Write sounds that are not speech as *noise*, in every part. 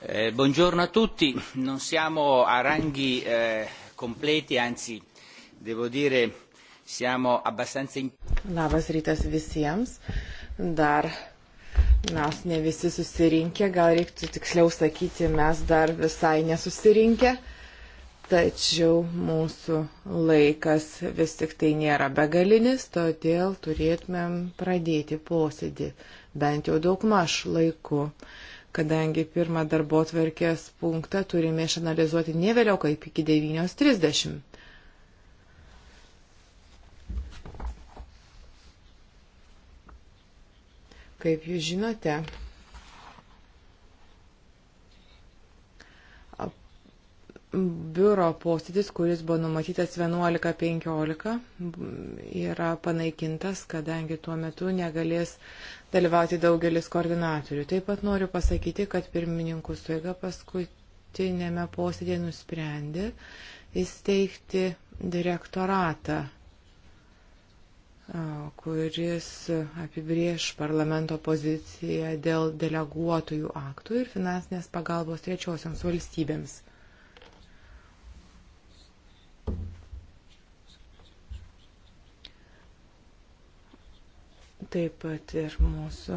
Eh, buongiorno a tutti, non siamo a ranghi eh, completi, anzi devo dire siamo abbastanza in... Labas rytas visiems. Dar mes ne visi susirinkę, gal reiktų tiksliau sakyti, mes dar visai nesusirinkę, tačiau mūsų laikas vis tik tai nėra begalinis, todėl turėtumėm pradėti posėdį bent jau daugmaž laiku kadangi pirmą darbo tvarkės punktą turime išanalizuoti ne vėliau kaip iki 9.30. Kaip jūs žinote, biuro posėdis, kuris buvo numatytas 11.15, yra panaikintas, kadangi tuo metu negalės dalyvauti daugelis koordinatorių. Taip pat noriu pasakyti, kad pirmininkų suiga paskutinėme posėdėje nusprendė įsteigti direktoratą, kuris apibrieš parlamento poziciją dėl deleguotojų aktų ir finansinės pagalbos trečiosiams valstybėms. Taip pat ir mūsų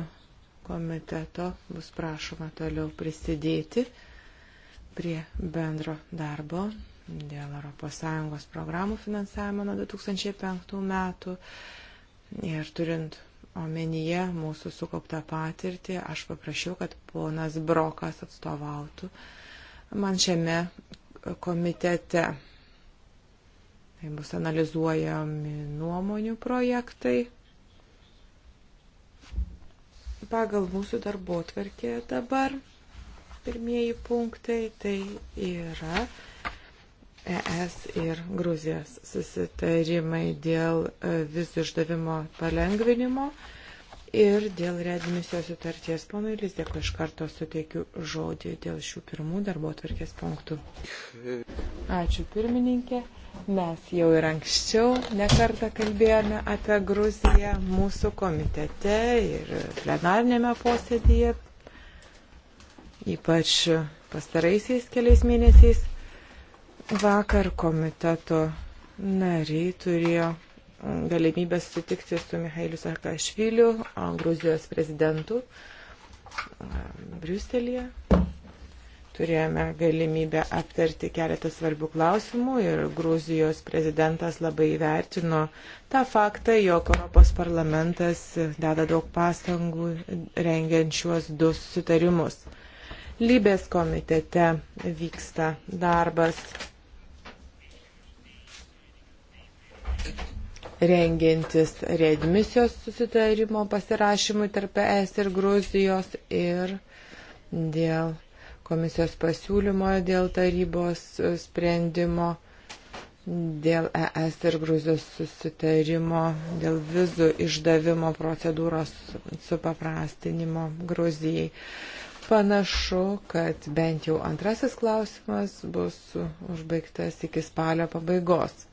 komiteto bus prašoma toliau prisidėti prie bendro darbo dėl ES programų finansavimo nuo 2005 metų. Ir turint omenyje mūsų sukauptą patirtį, aš paprašiau, kad ponas Brokas atstovautų man šiame komitete. Tai bus analizuojami nuomonių projektai pagal mūsų darbo tvarkę dabar pirmieji punktai tai yra ES ir Gruzijos susitarimai dėl e, vizų išdavimo palengvinimo ir dėl readmisijos sutarties. Ponui Lizdėko iš karto suteikiu žodį dėl šių pirmų darbo atvarkės punktų. Ačiū pirmininkė. Mes jau ir anksčiau nekartą kalbėjome apie Gruziją mūsų komitete ir plenarnėme posėdėje, ypač pastaraisiais keliais mėnesiais. Vakar komiteto nariai turėjo galimybę sutikti su Mihailiu Sarkašviliu, Gruzijos prezidentu Briuselėje. Turėjome galimybę aptarti keletą svarbių klausimų ir Gruzijos prezidentas labai įvertino tą faktą, jog Europos parlamentas deda daug pastangų rengiant šiuos du susitarimus. Lybės komitete vyksta darbas rengiantis readmisijos susitarimo pasirašymui tarp ES ir Gruzijos ir dėl komisijos pasiūlymo, dėl tarybos sprendimo, dėl ES ir Gruzijos susitarimo, dėl vizų išdavimo procedūros supaprastinimo Gruzijai. Panašu, kad bent jau antrasis klausimas bus užbaigtas iki spalio pabaigos.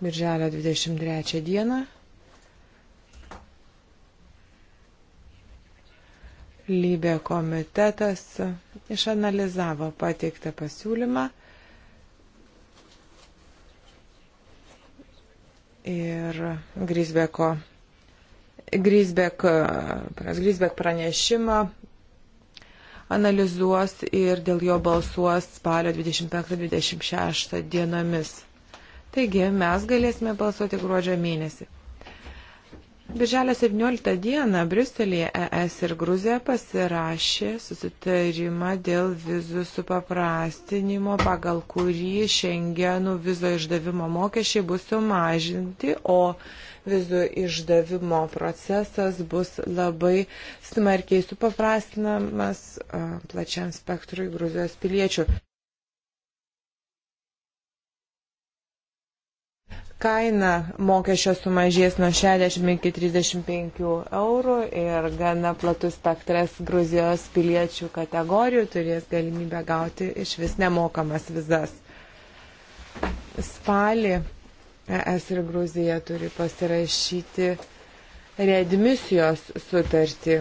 Birželio 23 dieną Lybė komitetas išanalizavo pateiktą pasiūlymą ir Grisbeko, Grisbek, Grisbek pranešimą analizuos ir dėl jo balsuos spalio 25-26 dienomis. Taigi mes galėsime balsuoti gruodžio mėnesį. Birželio 17 dieną Briuselėje ES ir Gruzija pasirašė susitarimą dėl vizų supaprastinimo, pagal kurį šengenų vizo išdavimo mokesčiai bus sumažinti, o vizų išdavimo procesas bus labai smarkiai supaprastinamas plačiam spektrui Gruzijos piliečių. kaina mokesčio sumažės nuo 60 iki 35 eurų ir gana platus spektras Gruzijos piliečių kategorijų turės galimybę gauti iš vis nemokamas vizas. Spalį ES ir Gruzija turi pasirašyti readmisijos sutartį.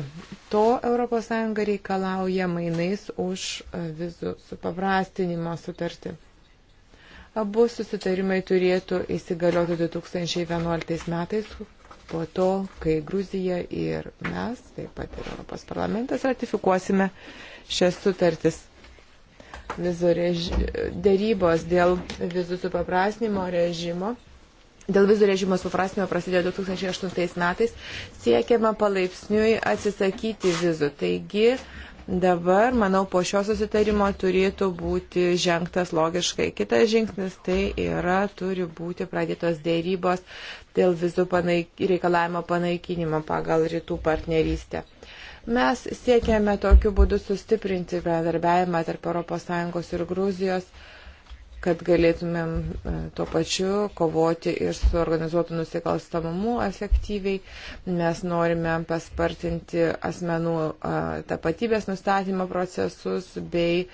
To ES reikalauja mainais už vizų supaprastinimo sutartį. Abu susitarimai turėtų įsigalioti 2011 metais, po to, kai Gruzija ir mes, taip pat ir Europos parlamentas, ratifikuosime šias sutartis. Vizų reži... Dėrybos dėl vizų supaprasnimo režimo Dėl vizų režimo suprasmio prasidėjo 2008 metais, siekiama palaipsniui atsisakyti vizų. Taigi Dabar, manau, po šio susitarimo turėtų būti žengtas logiškai. Kitas žingsnis tai yra, turi būti pradėtos dėrybos dėl vizų panaik reikalavimo panaikinimo pagal rytų partnerystę. Mes siekėme tokiu būdu sustiprinti bendarbiavimą tarp ES ir Gruzijos. Uh, kad galėtumėm e, tuo pačiu kovoti ir su organizuotu nusikalstamumu efektyviai. Mes norime paspartinti asmenų e, tapatybės nustatymo procesus bei e,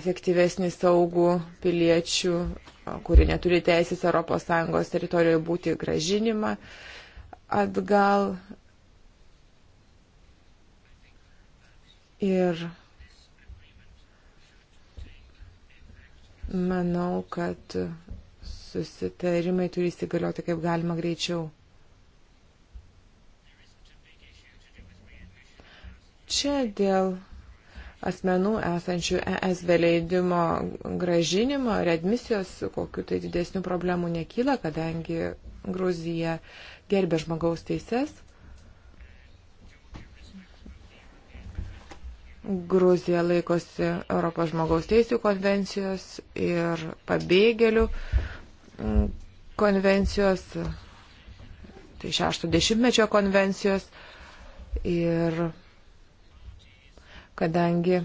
efektyvesnį saugų piliečių, kurie neturi teisės ES teritorijoje būti gražinimą atgal. Ir Manau, kad susitarimai turi įsigalioti kaip galima greičiau. Čia dėl asmenų esančių ES vėleidimo gražinimo ir admisijos kokiu tai didesnių problemų nekyla, kadangi Gruzija gerbė žmogaus teises. Gruzija laikosi Europos žmogaus teisų konvencijos ir pabėgėlių mm, konvencijos, tai 60-mečio konvencijos. Ir kadangi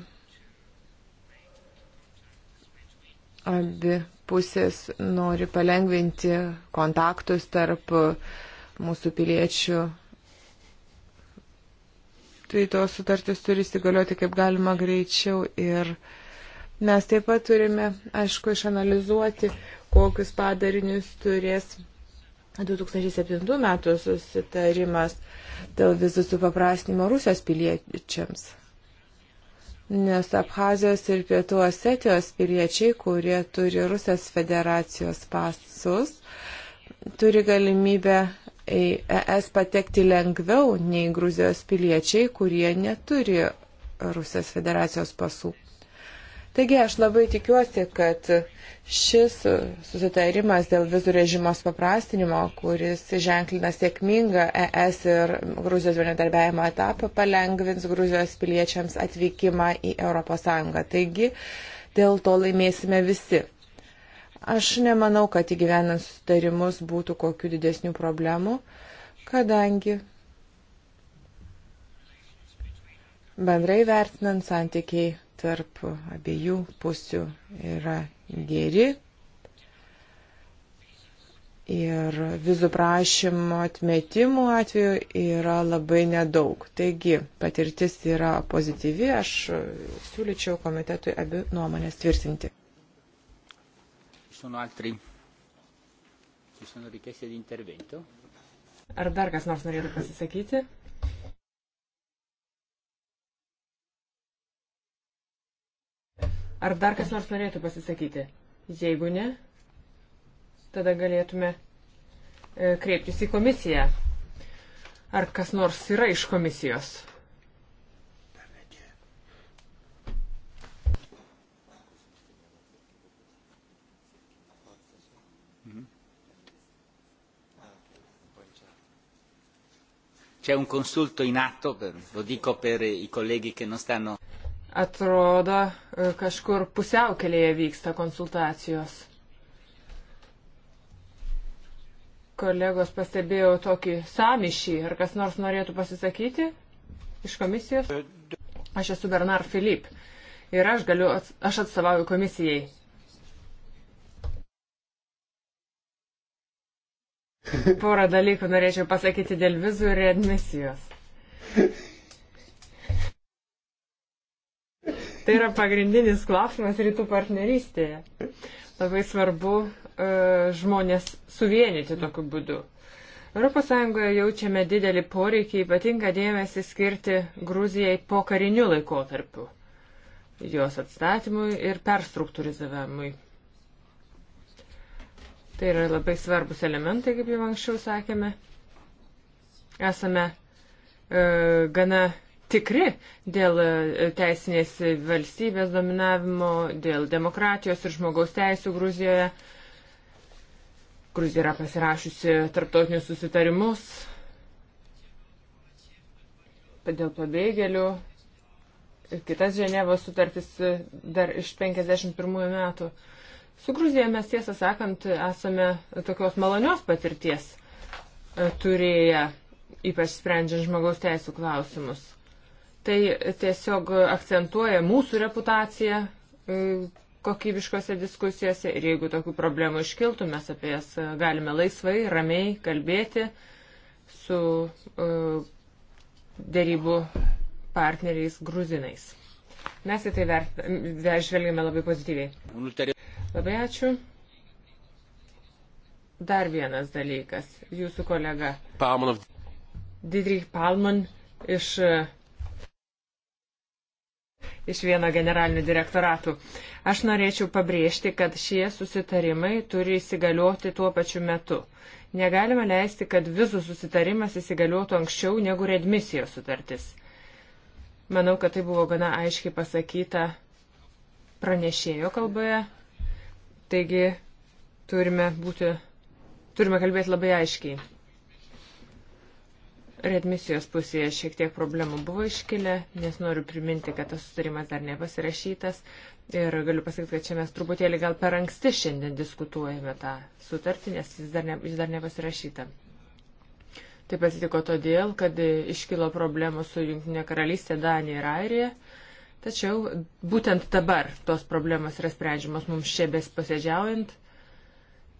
abi pusės nori palengvinti kontaktus tarp mūsų piliečių tai tos sutartys turi įsigalioti kaip galima greičiau ir mes taip pat turime, aišku, išanalizuoti, kokius padarinius turės 2007 metų susitarimas dėl vizų supaprastinimo Rusijos piliečiams. Nes Abhazijos ir Pietų Osetijos piliečiai, kurie turi Rusijos federacijos pasus, turi galimybę į ES patekti lengviau nei Gruzijos piliečiai, kurie neturi Rusijos federacijos pasų. Taigi aš labai tikiuosi, kad šis susitarimas dėl vizų režimo paprastinimo, kuris ženklina sėkmingą ES ir Gruzijos bendradarbiavimo etapą, palengvins Gruzijos piliečiams atvykimą į ES. Taigi dėl to laimėsime visi. Aš nemanau, kad įgyvenant sutarimus būtų kokių didesnių problemų, kadangi bendrai vertinant santykiai tarp abiejų pusių yra geri. Ir vizų prašymo atmetimų atveju yra labai nedaug. Taigi patirtis yra pozityvi, aš siūlyčiau komitetui abi nuomonės tvirtinti. Sono altri? Ci sono richieste di intervento? Ar dar kas nors norėtų pasisakyti? Ar dar kas nors norėtų pasisakyti? Jeigu ne, tada galėtume e, kreiptis į komisiją. Ar kas nors yra iš komisijos? C'è un consulto in atto, per, lo dico per i colleghi che non stanno. Atrodo, eh, kažkur pusiaukelėje vyksta konsultacijos. Kolegos, pastebėjau tokį samišį. Ar kas nors norėtų pasisakyti iš komisijos? Aš esu Bernard Filip ir aš, galiu, aš atstovauju komisijai Porą dalykų norėčiau pasakyti dėl vizų ir admisijos. Tai yra pagrindinis klausimas rytų partnerystėje. Labai svarbu e, žmonės suvienyti tokiu būdu. ES jaučiame didelį poreikį ypatingą dėmesį skirti Gruzijai po kariniu laikotarpiu, jos atstatymui ir perstruktūrizavimui. Tai yra labai svarbus elementai, kaip jau anksčiau sakėme. Esame e, gana tikri dėl e, teisinės valstybės dominavimo, dėl demokratijos ir žmogaus teisų Gruzijoje. Gruzija yra pasirašiusi tarptautinius susitarimus dėl pabėgėlių. Kitas Ženevos sutartis dar iš 51 metų. Su Gruzija mes tiesą sakant esame tokios malonios patirties e, turėję, ypač sprendžiant žmogaus teisų klausimus. Tai tiesiog akcentuoja mūsų reputaciją e, kokybiškose diskusijose ir jeigu tokių problemų iškiltų, mes apie jas galime laisvai, ramiai kalbėti su e, dėrybų partneriais gruzinais. Mes į tai žvelgiame labai pozityviai. Labai ačiū. Dar vienas dalykas. Jūsų kolega. Palmanov. Didrik Palman iš, iš vieno generalinių direktoratų. Aš norėčiau pabrėžti, kad šie susitarimai turi įsigalioti tuo pačiu metu. Negalima leisti, kad vizų susitarimas įsigaliotų anksčiau negu redmisijos sutartis. Manau, kad tai buvo gana aiškiai pasakyta pranešėjo kalboje Taigi turime, būti, turime kalbėti labai aiškiai. Redmisijos pusėje šiek tiek problemų buvo iškilę, nes noriu priminti, kad tas sutarimas dar nepasirašytas ir galiu pasakyti, kad čia mes truputėlį gal per anksti šiandien diskutuojame tą sutartį, nes jis dar, ne, jis dar nepasirašyta. Taip atsitiko todėl, kad iškilo problemų su Junktinė karalystė, Danija ir Airija Tačiau būtent dabar tos problemos yra sprendžiamos mums čia besposėdžiaujant.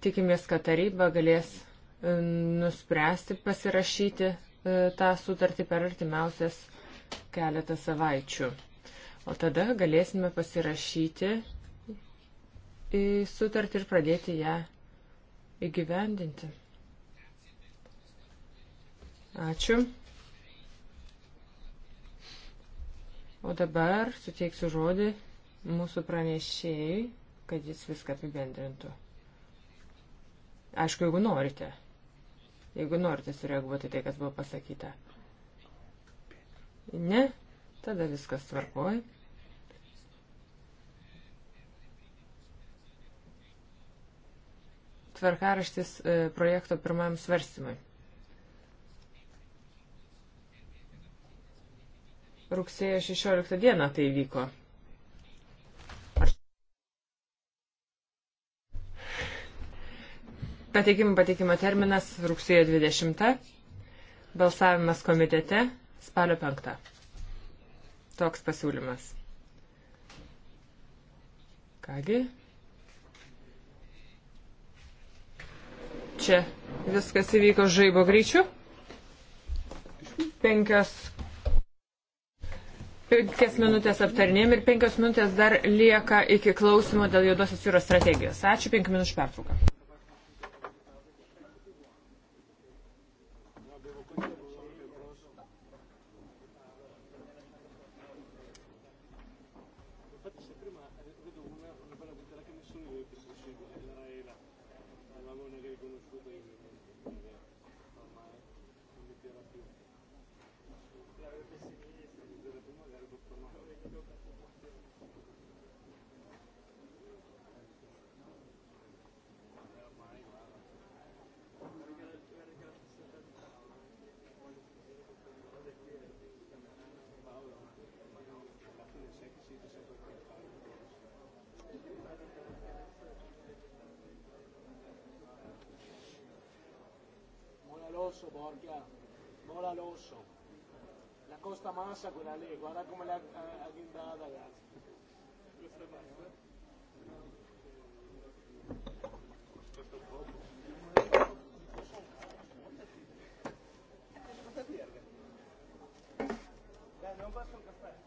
Tikimės, kad taryba galės e, nuspręsti pasirašyti e, tą sutartį per artimiausias keletą savaičių. O tada galėsime pasirašyti sutartį ir pradėti ją įgyvendinti. Ačiū. O dabar suteiksiu žodį mūsų pranešėjai, kad jis viską apibendrintų. Aišku, jeigu norite. Jeigu norite sureaguoti tai, kas buvo pasakyta. Ne, tada viskas tvarkoj. Tvarkaraštis e, projekto pirmam svarstymui. Rugsėjo 16 dieną tai vyko. Pateikimų pateikimo terminas rugsėjo 20, balsavimas komitete spalio 5. Toks pasiūlymas. Kągi. Čia viskas įvyko žaibo greičiu. Penkios Penkias minutės aptarnėm ir penkias minutės dar lieka iki klausimo dėl juodosios jūros strategijos. Ačiū, penkių minučių pertrauka. rosso, porca. Mola rosso. La costa massa quella lì, guarda come l'ha agghindata, ragazzi. Questo è bello. Non basta un caffè.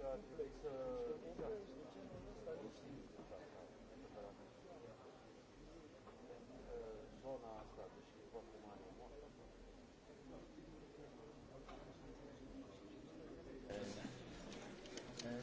God,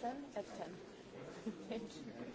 10 at 10. *laughs* Thank you.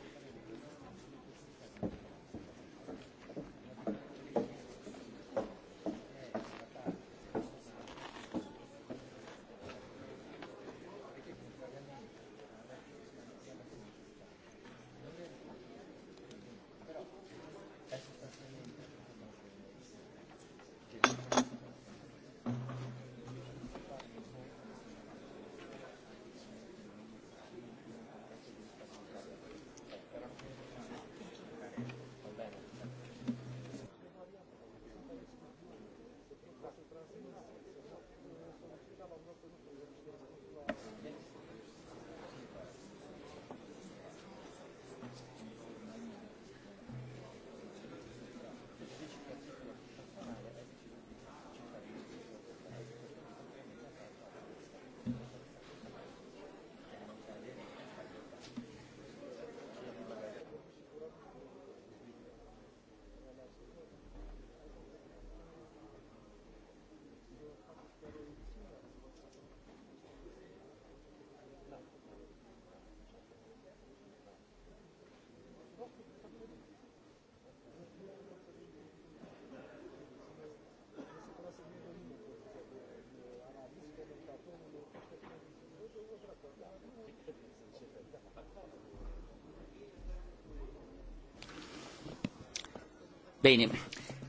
Bene,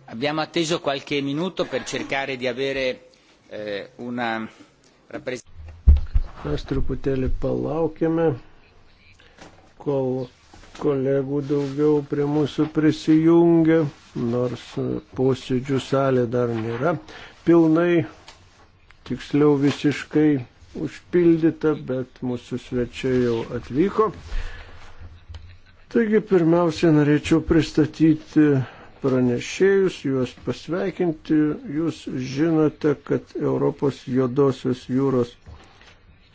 abbiamo atteso qualche minuto per cercare di avere eh, una rappresentazione. Mes truputėlį palaukėme, kol kolegų daugiau prie mūsų prisijungia, nors posėdžių salė dar nėra pilnai, tiksliau visiškai užpildyta, bet mūsų svečiai jau atvyko. Taigi pirmiausia norėčiau pristatyti pranešėjus, juos pasveikinti. Jūs žinote, kad Europos juodosios jūros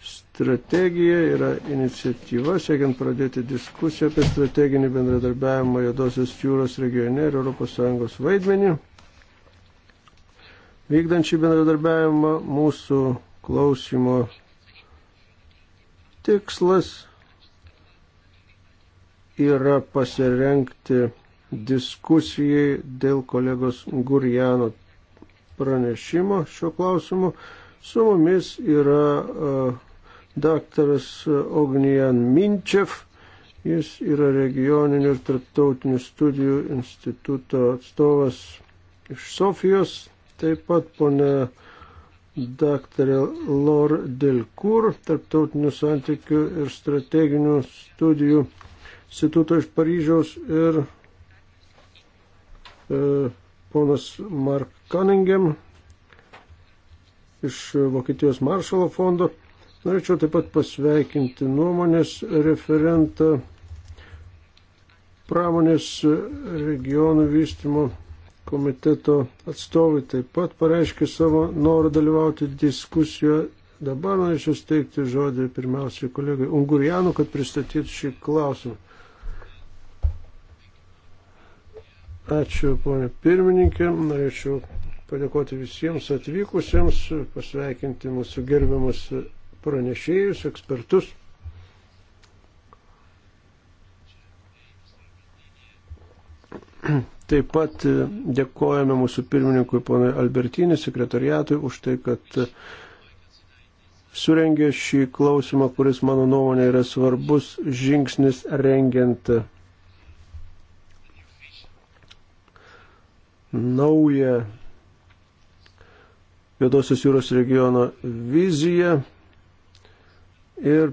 strategija yra iniciatyva, siekiant pradėti diskusiją apie strateginį bendradarbiavimą Jodosios jūros regione ir ES vaidmenį. Vykdant šį bendradarbiavimą mūsų klausimo tikslas yra pasirenkti diskusijai dėl kolegos Gurjano pranešimo šiuo klausimu. Su mumis yra uh, daktaras Ognijan Minčev, jis yra regioninių ir tarptautinių studijų instituto atstovas iš Sofijos, taip pat pone daktarė Lor Delkur, tarptautinių santykių ir strateginių studijų instituto iš Paryžiaus ir E, ponas Mark Cunningham iš Vokietijos maršalo fondo. Norėčiau taip pat pasveikinti nuomonės referentą pramonės regionų vystimo komiteto atstovai taip pat pareiškė savo norą dalyvauti diskusijoje. Dabar norėčiau steigti žodį pirmiausiai kolegai Ungurianu, kad pristatytų šį klausimą. Ačiū, ponė pirmininkė. Norėčiau padėkoti visiems atvykusiems, pasveikinti mūsų gerbiamus pranešėjus, ekspertus. Taip pat dėkojame mūsų pirmininkui ponui Albertinį, sekretariatui, už tai, kad surengė šį klausimą, kuris mano nuomonė yra svarbus žingsnis rengiant naują Juodosios jūros regiono viziją ir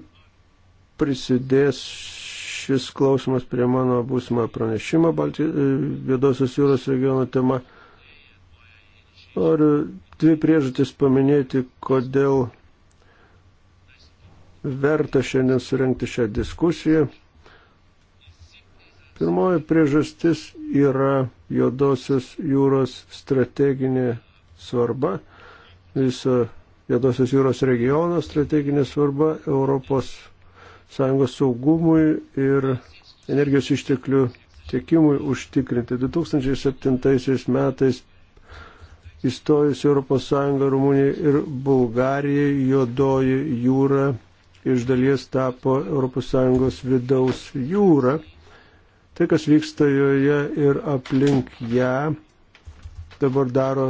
prisidės šis klausimas prie mano būsimą pranešimą Juodosios jūros regiono tema. Noriu dvi priežastis paminėti, kodėl verta šiandien surenkti šią diskusiją. Pirmoji priežastis yra Jodosios jūros strateginė svarba, viso Jodosios jūros regiono strateginė svarba Europos Sąjungos saugumui ir energijos išteklių tiekimui užtikrinti. 2007 metais įstojus Europos Sąjungą Rumunijai ir Bulgarijai Jodoji jūra iš dalies tapo Europos Sąjungos vidaus jūra Tai, kas vyksta joje ir aplink ją, dabar daro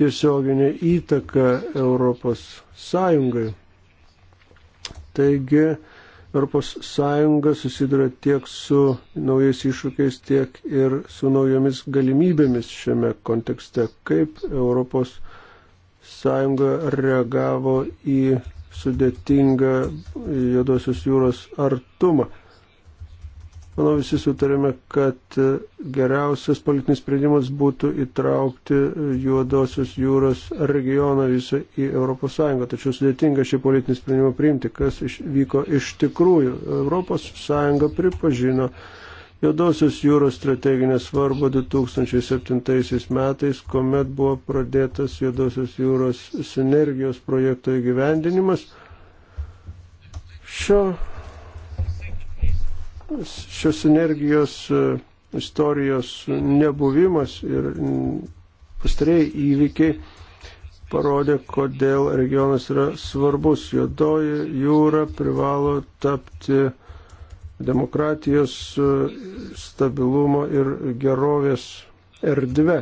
tiesioginę įtaką Europos Sąjungai. Taigi, Europos Sąjunga susiduria tiek su naujais iššūkiais, tiek ir su naujomis galimybėmis šiame kontekste, kaip Europos Sąjunga reagavo į sudėtingą Jodosios jūros artumą. Manau, visi sutarėme, kad e, geriausias politinis sprendimas būtų įtraukti e, juodosios jūros regioną visą į ES. Tačiau sudėtinga šį politinį sprendimą priimti, kas iš, vyko iš tikrųjų. ES pripažino juodosios jūros strateginę svarbą 2007 metais, kuomet buvo pradėtas juodosios jūros sinergijos projekto įgyvendinimas. Šio šios energijos e, istorijos nebuvimas ir pastarėjai įvykiai parodė, kodėl regionas yra svarbus. Jodoji jūra privalo tapti demokratijos e, stabilumo ir gerovės erdve.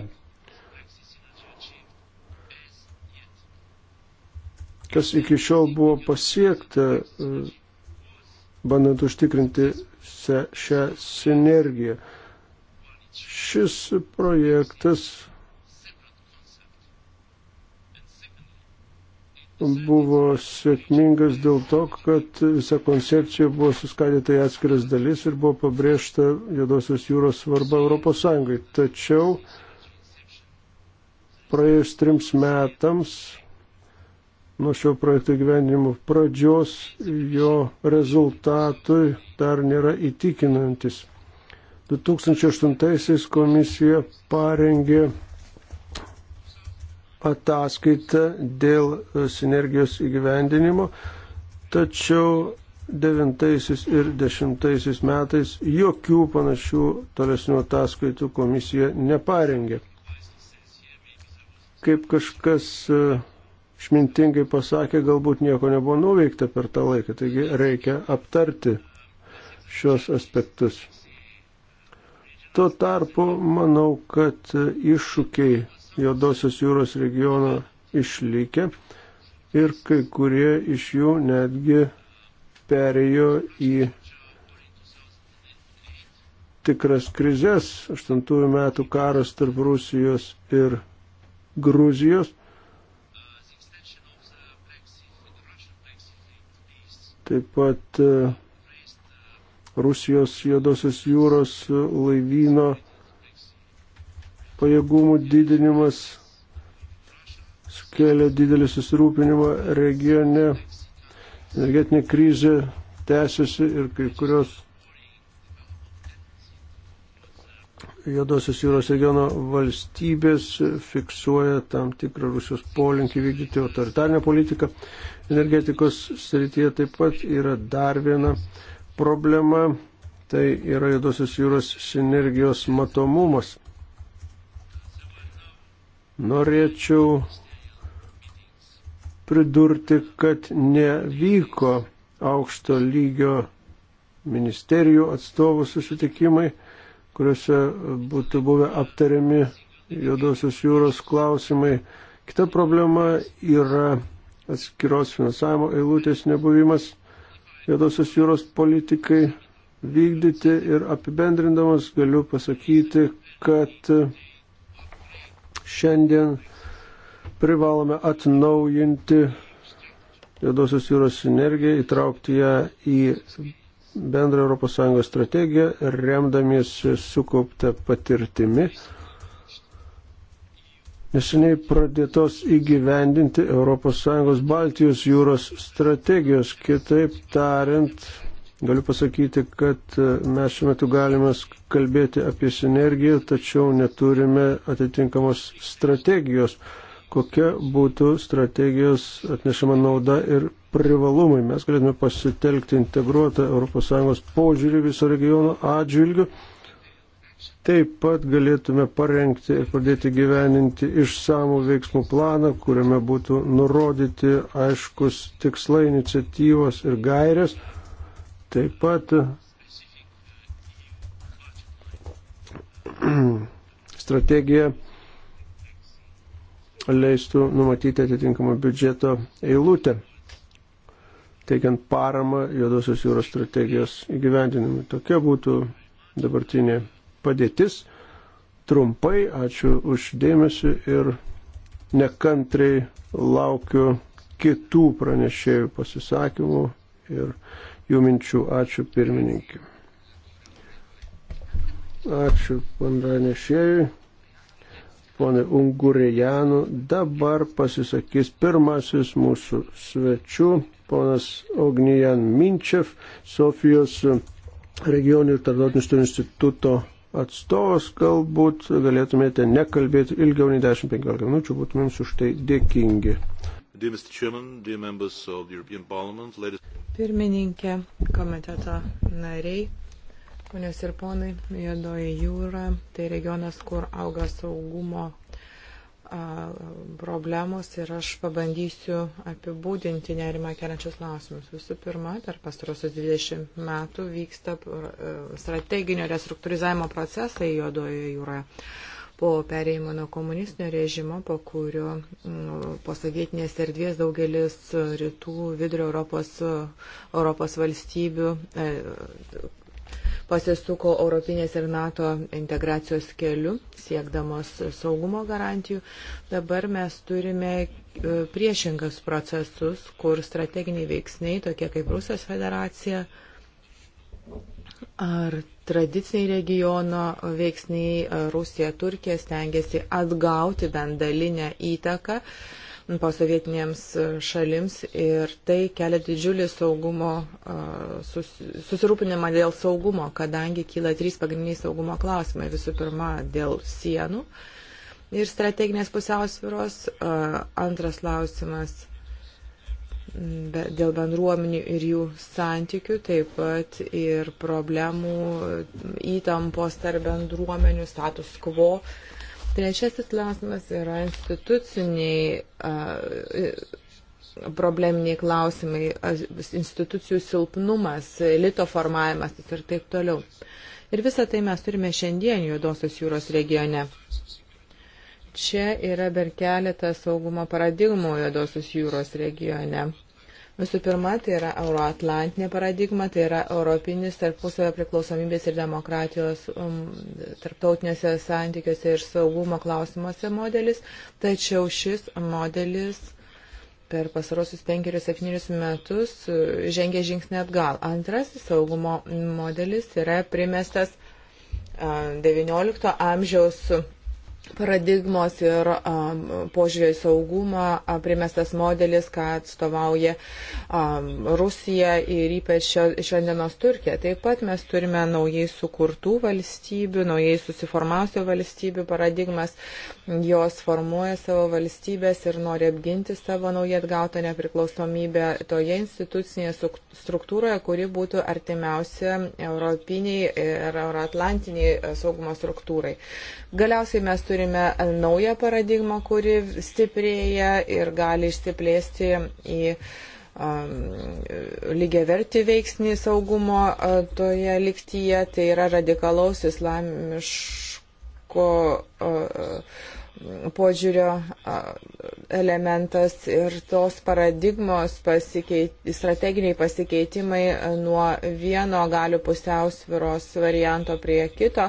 Kas iki šiol buvo pasiekta, e, bandant užtikrinti šią sinergiją. Šis projektas buvo sėkmingas dėl to, kad visa koncepcija buvo suskaidyta į atskiras dalis ir buvo pabrėžta Jėdosios jūros svarba Europos Sąjungai. Tačiau praėjus trims metams nuo šio projekto gyvenimo pradžios jo rezultatui dar nėra įtikinantis. 2008 komisija parengė ataskaitą dėl sinergijos įgyvendinimo, tačiau 2009 ir 2010 metais jokių panašių tolesnių ataskaitų komisija neparengė. Kaip kažkas uh, išmintingai pasakė, galbūt nieko nebuvo nuveikta per tą laiką. Taigi reikia aptarti šios aspektus. Tuo tarpu manau, kad iššūkiai Jodosios jūros regiono išlikę ir kai kurie iš jų netgi perėjo į tikras krizės, 8 metų karas tarp Rusijos ir Gruzijos, Taip pat e, Rusijos juodosios jūros e, laivyno pajėgumų didinimas sukėlė didelį susirūpinimą regione. Energetinė krizė tęsiasi ir kai kurios Jodosios jūros regiono valstybės fiksuoja tam tikrą Rusijos polinkį vykdyti autoritarnę politiką. Energetikos srityje taip pat yra dar viena problema, tai yra Jodosios jūros sinergijos matomumas. Norėčiau pridurti, kad nevyko aukšto lygio ministerijų atstovų susitikimai kuriuose būtų buvę aptariami juodosios jūros klausimai. Kita problema yra atskiros finansavimo eilutės nebuvimas juodosios jūros politikai vykdyti ir apibendrindamas galiu pasakyti, kad šiandien privalome atnaujinti Juodosios jūros sinergiją, įtraukti ją į bendrą ES strategiją, remdamiesi sukauptą patirtimi. Neseniai pradėtos įgyvendinti ES Baltijos jūros strategijos. Kitaip tariant, galiu pasakyti, kad e, mes šiuo metu galime kalbėti apie sinergiją, tačiau neturime atitinkamos strategijos kokia būtų strategijos atnešama nauda ir privalumai. Mes galėtume pasitelkti integruotą ES požiūrį viso regiono atžvilgių. Taip pat galėtume parengti ir pradėti gyveninti išsamų veiksmų planą, kuriame būtų nurodyti aiškus tikslai, iniciatyvos ir gairės. Taip pat *clears throat* strategija leistų numatyti atitinkamą biudžeto eilutę teikiant paramą Juodosios jūros strategijos įgyvendinimui. Tokia būtų dabartinė padėtis. Trumpai ačiū uždėmesi ir nekantriai laukiu kitų pranešėjų pasisakymų ir jų minčių. Ačiū pirmininkė. Ačiū pranešėjui. Pone Ungurėjanu, dabar pasisakys pirmasis mūsų svečių ponas Ognijan Minčev, Sofijos regionių ir tarptautinių studijų instituto atstovas, galbūt galėtumėte nekalbėti ilgiau nei 10-15 minučių, būtumėm už tai dėkingi. Pirmininkė, komiteto nariai, ponios ir ponai, Jodoji jūra, tai regionas, kur auga saugumo problemos ir aš pabandysiu apibūdinti nerimą keliančius klausimus. Visų pirma, per pastarosius 20 metų vyksta strateginio restruktūrizavimo procesai Juodojoje jūroje. Po perėjimo nuo komunistinio režimo, po kurio po sovietinės erdvės daugelis rytų vidurio Europos, Europos valstybių e, pasisuko Europinės ir NATO integracijos keliu, siekdamos saugumo garantijų. Dabar mes turime e, priešingas procesus, kur strateginiai veiksniai, tokie kaip Rusijos federacija, Ar tradiciniai regiono veiksniai e, Rusija, Turkija stengiasi atgauti bent dalinę įtaką posovietinėms šalims ir tai kelia didžiulį saugumo sus, susirūpinimą dėl saugumo, kadangi kyla trys pagrindiniai saugumo klausimai. Visų pirma, dėl sienų ir strateginės pusiausviros. Antras klausimas dėl bendruomenių ir jų santykių, taip pat ir problemų įtampos tarp bendruomenių status quo. Uh, Trečiasis klausimas yra instituciniai probleminiai klausimai, institucijų silpnumas, lito formavimas ir taip toliau. Ir visą tai mes turime šiandien Juodosios jūros regione. Čia yra per keletą saugumo paradigmų Juodosios jūros regione. Visų pirma, tai yra euroatlantinė paradigma, tai yra europinis tarpusavio priklausomybės ir demokratijos um, tarptautiniuose santykiuose ir saugumo klausimuose modelis. Tačiau šis modelis per pasarosius penkerius, septynerius metus uh, žengė žingsnį atgal. Antrasis saugumo modelis yra primestas XIX uh, amžiaus paradigmos ir um, požiūrė į saugumą um, primestas modelis, ką atstovauja um, Rusija ir ypač šio, šiandienos Turkija. Taip pat mes turime naujai sukurtų valstybių, naujai susiformavusių valstybių paradigmas. Jos formuoja savo valstybės ir nori apginti savo naujai atgautą nepriklausomybę toje institucinėje struktūroje, kuri būtų artimiausia europiniai ir euroatlantiniai e, saugumo struktūrai. Galiausiai mes turime e, naują paradigmą, kuri stiprėja ir gali išsiplėsti į lygiai verti veiksnį saugumo e, toje liktyje, tai yra radikalaus islamiško e, požiūrio elementas ir tos paradigmos pasikeit, strateginiai pasikeitimai nuo vieno galių pusiausviros varianto prie kito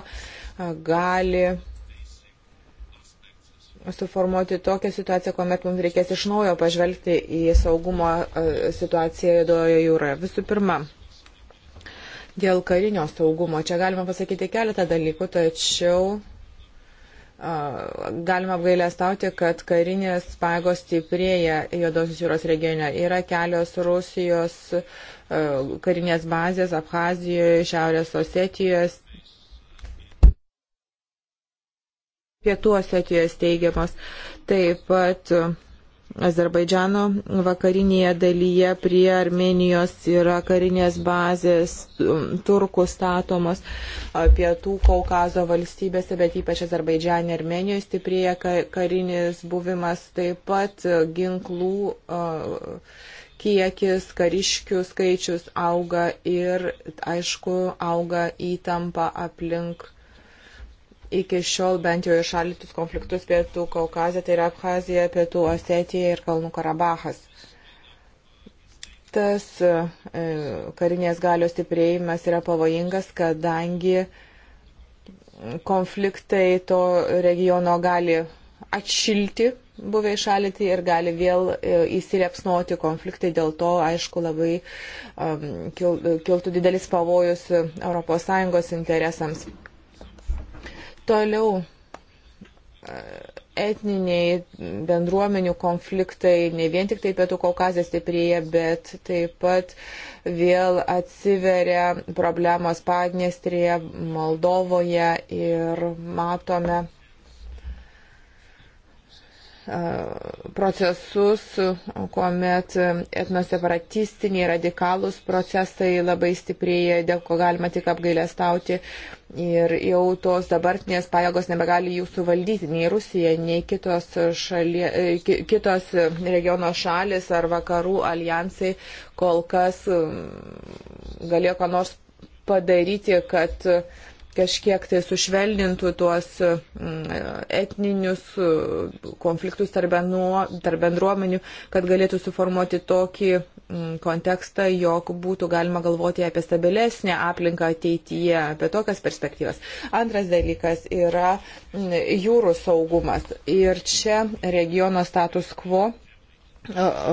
gali suformuoti tokią situaciją, kuomet mums reikės iš naujo pažvelgti į saugumo e, situaciją Jodojo jūroje. Visų pirma, dėl karinio saugumo. Čia galima pasakyti keletą dalykų, tačiau e, galima apgailestauti, kad karinės pajėgos stiprėja Jodosios jūros regione. Yra kelios Rusijos e, karinės bazės Abhazijoje, Šiaurės Osetijoje, pietuose ties teigiamas. Taip pat e, Azerbaidžiano vakarinėje dalyje prie Armenijos yra karinės bazės e, turkų statomos e, pietų Kaukazo valstybėse, bet ypač Azerbaidžiane Armenijoje stiprėja karinis buvimas, taip pat ginklų kiekis, kariškių skaičius auga ir, aišku, auga įtampa aplink iki šiol bent jau išalytus konfliktus pietų Kaukazė, tai yra Abhazija, pietų Osetija ir Kalnų Karabahas. Tas e, karinės galios stiprėjimas yra pavojingas, kadangi konfliktai to regiono gali atšilti, buvę išalyti ir gali vėl e, įsirepsnoti konfliktai. Dėl to, aišku, labai um, kiltų didelis pavojus ES interesams. Toliau e, etniniai bendruomenių konfliktai ne vien tik tai Pietų Kaukazė stiprėja, bet taip pat vėl atsiveria problemos Padnestrėje, Moldovoje ir matome procesus, kuomet etnoseparatistiniai radikalūs procesai labai stiprėja, dėl ko galima tik apgailestauti. Ir jau tos dabartinės pajėgos nebegali jų suvaldyti, nei Rusija, nei kitos, šalie, e, kitos regiono šalis ar vakarų alijansai kol kas galėjo ką nors padaryti, kad uh, kažkiek tai sušvelnintų tuos mm, etninius mm, konfliktus tarp, benuo, tarp bendruomenių, kad galėtų suformuoti tokį mm, kontekstą, jog būtų galima galvoti apie stabilesnę aplinką ateityje, apie tokias perspektyvas. Antras dalykas yra jūrų saugumas. Ir čia regiono status quo.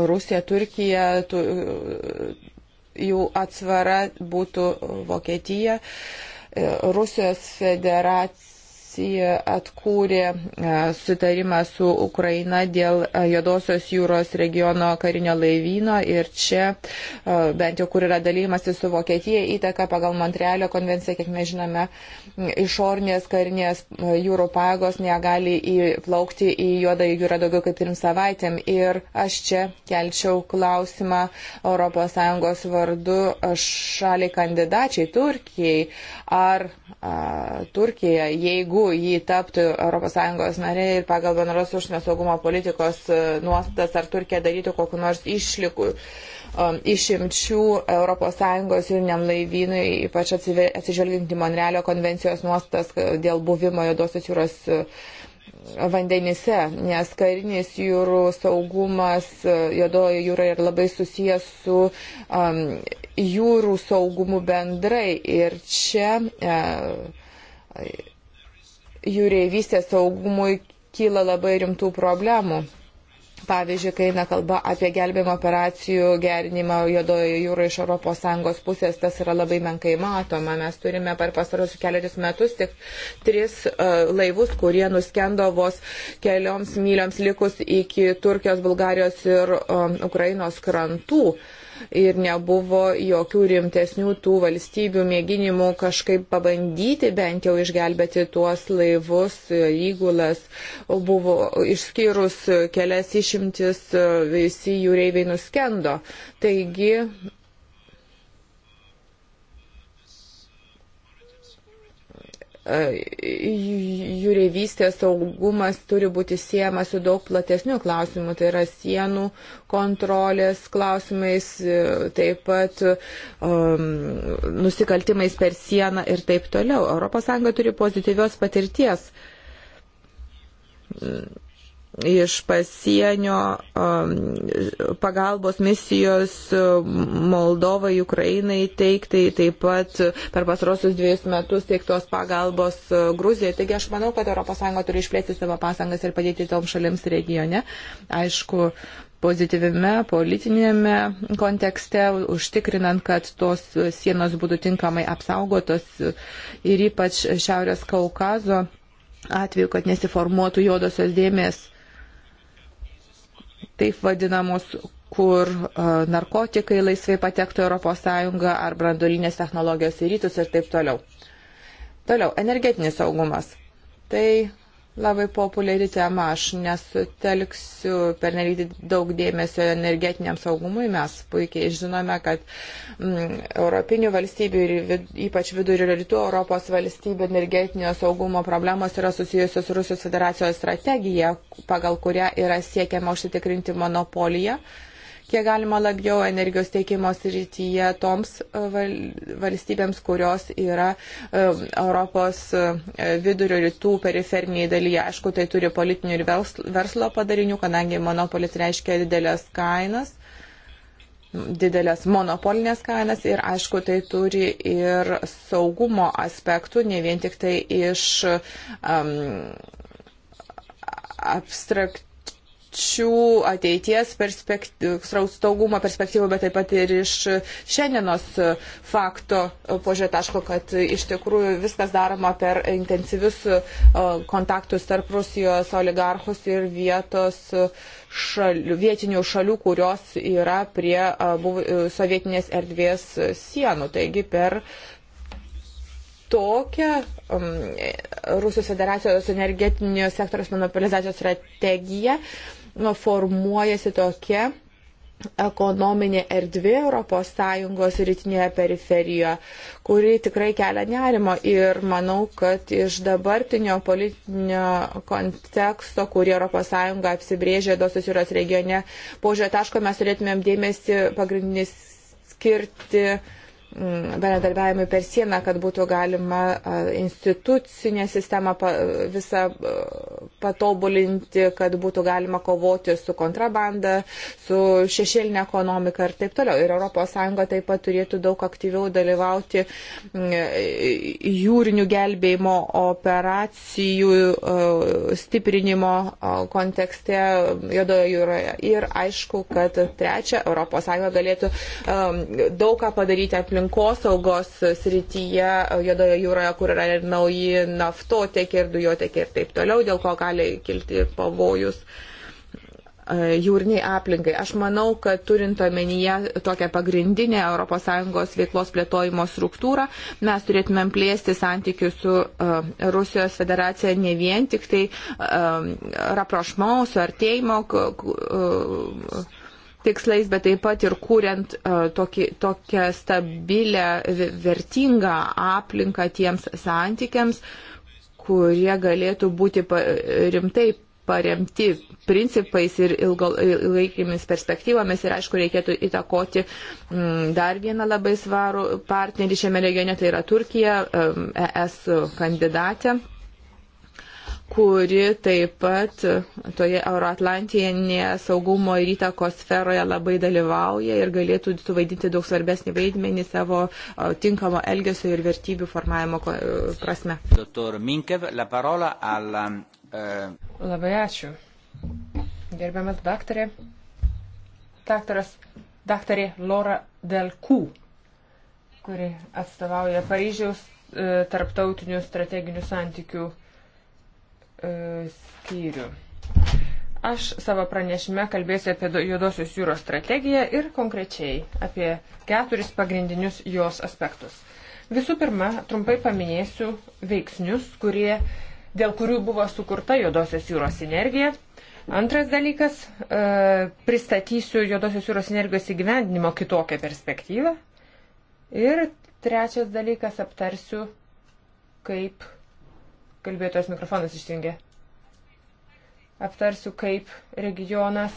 Rusija, Turkija, tu, jų atsvara būtų Vokietija. Uh, Rusijos federacija atkūrė e, sutarimą su Ukraina dėl e, Jodosios jūros regiono karinio laivyno ir čia, e, bent jau kur yra dalymasi su Vokietija, įtaka pagal Montrealio konvenciją, kiek mes žinome, išornės karinės jūrų pagos negali įplaukti į Juodą jūrą daugiau kaip trim savaitėm. Ir aš čia kelčiau klausimą ES vardu šaliai kandidačiai Turkijai. Ar a, Turkija, jeigu jeigu jį taptų ES narė ir pagal bendros užsienio saugumo politikos e, nuostatas, ar Turkija darytų kokiu nors išlikų, um, e, išimčių ES jūriniam laivynui, ypač atsižvelgiant į Monrealio konvencijos nuostatas e, dėl buvimo Jodosios jūros vandenyse, nes karinis jūrų saugumas Jodojo jūroje yra labai susijęs su um, jūrų saugumu bendrai. Ir čia. Uh, jūreivystės saugumui kyla labai rimtų problemų. Pavyzdžiui, kai eina kalba apie gelbėjimo operacijų gerinimą juodojo jūroje iš ES pusės, tas yra labai menkai matoma. Mes turime per pastarosius keliarius metus tik tris uh, laivus, kurie nuskendo vos kelioms myliams likus iki Turkijos, Bulgarijos ir um, Ukrainos krantų. Uh, ir nebuvo jokių rimtesnių tų valstybių mėginimų kažkaip pabandyti bent jau išgelbėti tuos laivus, įgulas. Buvo išskyrus kelias išimtis, visi jūreiviai nuskendo. Taigi E, jūreivystės saugumas turi būti siejamas su daug platesnių klausimų, tai yra sienų kontrolės klausimais, e, taip pat um, nusikaltimais per sieną ir taip toliau. ES turi pozityvios patirties iš pasienio um, pagalbos misijos um, Moldovai, Ukrainai teiktai, taip pat per pasarosius dviejus metus teiktos pagalbos uh, Gruzijai. Taigi aš manau, kad ES turi išplėsti savo pasangas ir padėti tom šalims regione. Aišku, pozityvime politinėme kontekste, užtikrinant, kad tos sienos būtų tinkamai apsaugotos ir ypač Šiaurės Kaukazo atveju, kad nesiformuotų juodosios dėmesio taip vadinamos kur narkotikai laisvai patektų ES ar brandolinės technologijos į rytus ir taip toliau. Toliau, energetinis saugumas. Tai labai populiari tema. Aš nesutelksiu pernelyg daug dėmesio energetiniam saugumui. Mes puikiai žinome, kad m, mm, europinių valstybių ir vid, ypač vidurio ir rytų Europos valstybių energetinio saugumo problemos yra susijusios Rusijos federacijos strategija, pagal kurią yra siekiama užsitikrinti monopoliją kiek galima labiau energijos teikimo srityje toms e, val, valstybėms, kurios yra e, Europos e, vidurio rytų periferiniai dalyje. Aišku, tai turi politinių ir verslo padarinių, kadangi monopolis reiškia didelės kainas didelės monopolinės kainas ir aišku, tai turi ir saugumo aspektų, ne vien tik tai iš um, abstrakt pačių ateities saugumo perspektyvų, bet taip pat ir iš šiandienos fakto požiūrė taško, kad iš tikrųjų viskas daroma per intensyvius e, kontaktus tarp Rusijos oligarchus ir vietos šalių, vietinių šalių, kurios yra prie e, e, sovietinės erdvės sienų. Taigi per tokią um, Rusijos federacijos energetinio sektoriaus monopolizacijos strategiją Nu, formuojasi tokia ekonominė erdvė ES rytinėje periferijoje, kuri tikrai kelia nerimo ir manau, kad iš dabartinio politinio konteksto, kurį ES apsibrėžė Dosus jūros regione, požiūrė taško mes turėtumėm dėmesį pagrindinis skirti uh, Mm, bendradarbiavimui per sieną, kad būtų galima institucinę sistemą visą patobulinti, kad būtų galima kovoti su kontrabanda, su šešėlinė ekonomika ir taip toliau. Ir ES taip pat turėtų daug aktyviau dalyvauti mm, jūrinių gelbėjimo operacijų stiprinimo kontekste Jodoje jūroje. Ir aišku, kad trečia, ES galėtų daug ką padaryti aplink aplinkosaugos srityje Jodoje jūroje, kur yra ir nauji naftotekiai ir dujotekiai ir taip toliau, dėl ko gali kilti pavojus e, jūriniai aplinkai. Aš manau, kad turint omenyje tokią pagrindinę ES veiklos plėtojimo struktūrą, mes turėtumėm plėsti santykių su uh, Rusijos federacija ne vien tik tai uh, e, raprošmau, suartėjimo. Uh, tikslais, bet taip pat ir kuriant e, tokį, tokią stabilę, vertingą aplinką tiems santykiams, kurie galėtų būti rimtai paremti principais ir ilgalaikėmis perspektyvomis. Ir aišku, reikėtų įtakoti mm, dar vieną labai svarų partnerį šiame regione, tai yra Turkija, e, e, ES kandidatė kuri taip pat toje Euroatlantinėje saugumo ir įtakos sferoje labai dalyvauja ir galėtų suvaidinti daug svarbesnį vaidmenį savo tinkamo elgesio ir vertybių formavimo prasme. Dr. Minkev, la parola alla. Uh... Eh, labai ačiū. Gerbiamas daktarė. Daktaras, daktarė Laura Delku, kuri atstovauja Paryžiaus eh, tarptautinių strateginių santykių uh, E, skyrių. Aš savo pranešime kalbėsiu apie juodosios jūros strategiją ir konkrečiai apie keturis pagrindinius jos aspektus. Visų pirma, trumpai paminėsiu veiksnius, kurie, dėl kurių buvo sukurta juodosios jūros energija. Antras dalykas, e, pristatysiu juodosios jūros energijos įgyvendinimo kitokią perspektyvą. Ir trečias dalykas, aptarsiu, kaip Kalbėtojas mikrofonas išsijungė. Aptarsiu, kaip regionas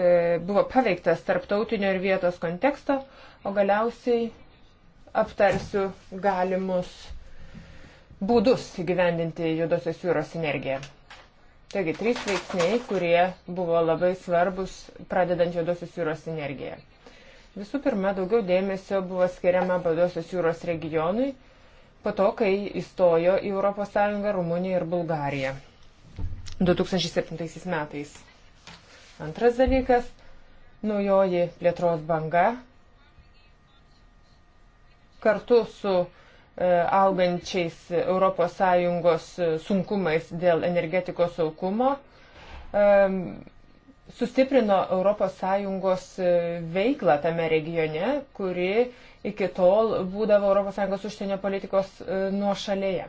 e, buvo paveiktas tarptautinio ir vietos konteksto, o galiausiai aptarsiu galimus būdus įgyvendinti juodosios jūros energiją. Taigi, trys veiksniai, kurie buvo labai svarbus pradedant juodosios jūros energiją. Visų pirma, daugiau dėmesio buvo skiriama Badosios jūros regionui po to, kai įstojo į ES Rumuniją ir Bulgariją 2007 metais. Antras dalykas - naujoji plėtros banga kartu su e, augančiais ES sunkumais dėl energetikos saukumo e, sustiprino ES e, veiklą tame regione, kuri iki tol būdavo ES užsienio politikos e, nuošalėje.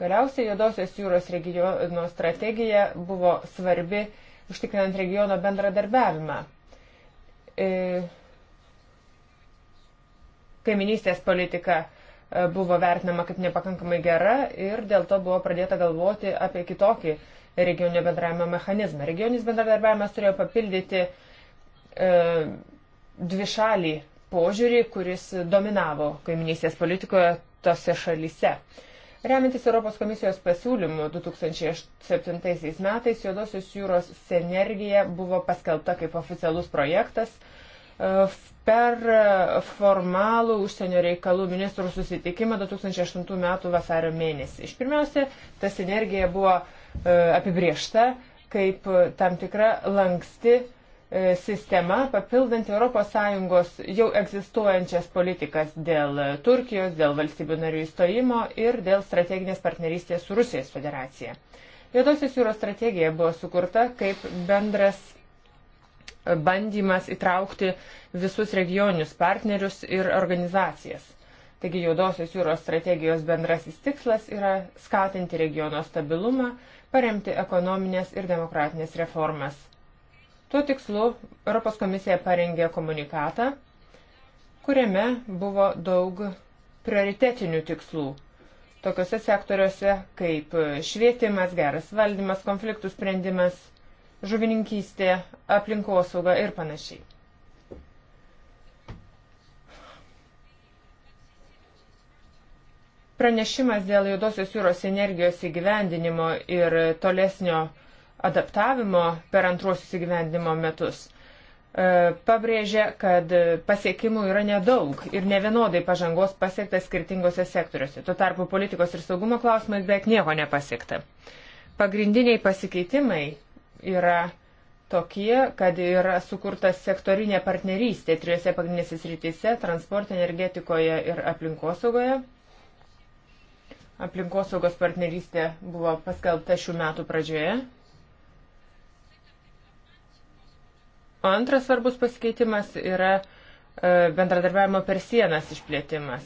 Galiausiai Jodosios jūros regiono strategija buvo svarbi užtikrinant regiono bendradarbiavimą. E, kaiminystės politika e, buvo vertinama kaip nepakankamai gera ir dėl to buvo pradėta galvoti apie kitokį regioninio bendravimo mechanizmą. Regioninis bendradarbiavimas turėjo papildyti e, dvišalį požiūrį, kuris dominavo kaiminystės politikoje tose šalyse. Remiantis Europos komisijos pasiūlymu 2007 metais Juodosios jūros sinergija buvo paskelbta kaip oficialus projektas e, per formalų užsienio reikalų ministrų susitikimą 2008 metų vasario mėnesį. Iš pirmiausia, ta sinergija buvo e, apibriešta kaip tam tikra lanksti E, sistema, papildant ES jau egzistuojančias politikas dėl Turkijos, dėl valstybių narių įstojimo ir dėl strateginės partnerystės su Rusijos federacija. Juodosios jūros strategija buvo sukurta kaip bendras bandymas įtraukti visus regioninius partnerius ir organizacijas. Taigi Juodosios jūros strategijos bendrasis tikslas yra skatinti regiono stabilumą, paremti ekonominės ir demokratinės reformas Tuo tikslu Europos komisija parengė komunikatą, kuriame buvo daug prioritetinių tikslų. Tokiuose sektoriuose kaip švietimas, geras valdymas, konfliktų sprendimas, žuvininkystė, aplinkosauga ir panašiai. pranešimas dėl Juodosios jūros energijos įgyvendinimo ir tolesnio adaptavimo per antruosius įgyvendimo metus e, pabrėžia, kad pasiekimų yra nedaug ir nevienodai pažangos pasiektas skirtingose sektoriuose. Tuo tarpu politikos ir saugumo klausimais beveik nieko nepasiekta. Pagrindiniai pasikeitimai yra tokie, kad yra sukurta sektorinė partnerystė trijose pagrindinėse srityse - transporte, energetikoje ir aplinkosaugoje. Aplinkosaugos partnerystė buvo paskelbta šių metų pradžioje Antras svarbus pasikeitimas yra e, bendradarbiavimo per sienas išplėtimas.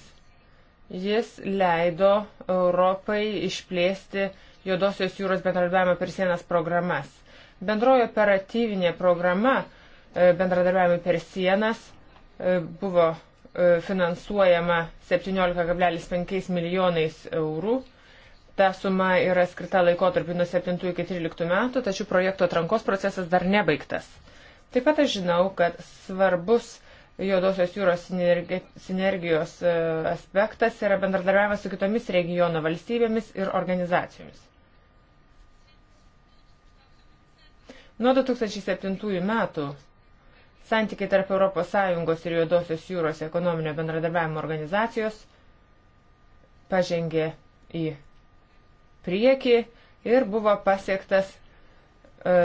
Jis leido Europai išplėsti Juodosios jūros bendradarbiavimo per sienas programas. Bendroji operatyvinė programa e, bendradarbiavimo per sienas e, buvo finansuojama 17,5 milijonais eurų. Ta suma yra skirta laikotarpiu nuo 7 iki 13 metų, tačiau projekto atrankos procesas dar nebaigtas. Taip pat aš žinau, kad svarbus Juodosios jūros sinergijos e, aspektas yra bendradarbiavimas su kitomis regiono valstybėmis ir organizacijomis. Nuo 2007 metų santykiai tarp ES ir Juodosios jūros ekonominio bendradarbiavimo organizacijos pažengė į priekį ir buvo pasiektas e,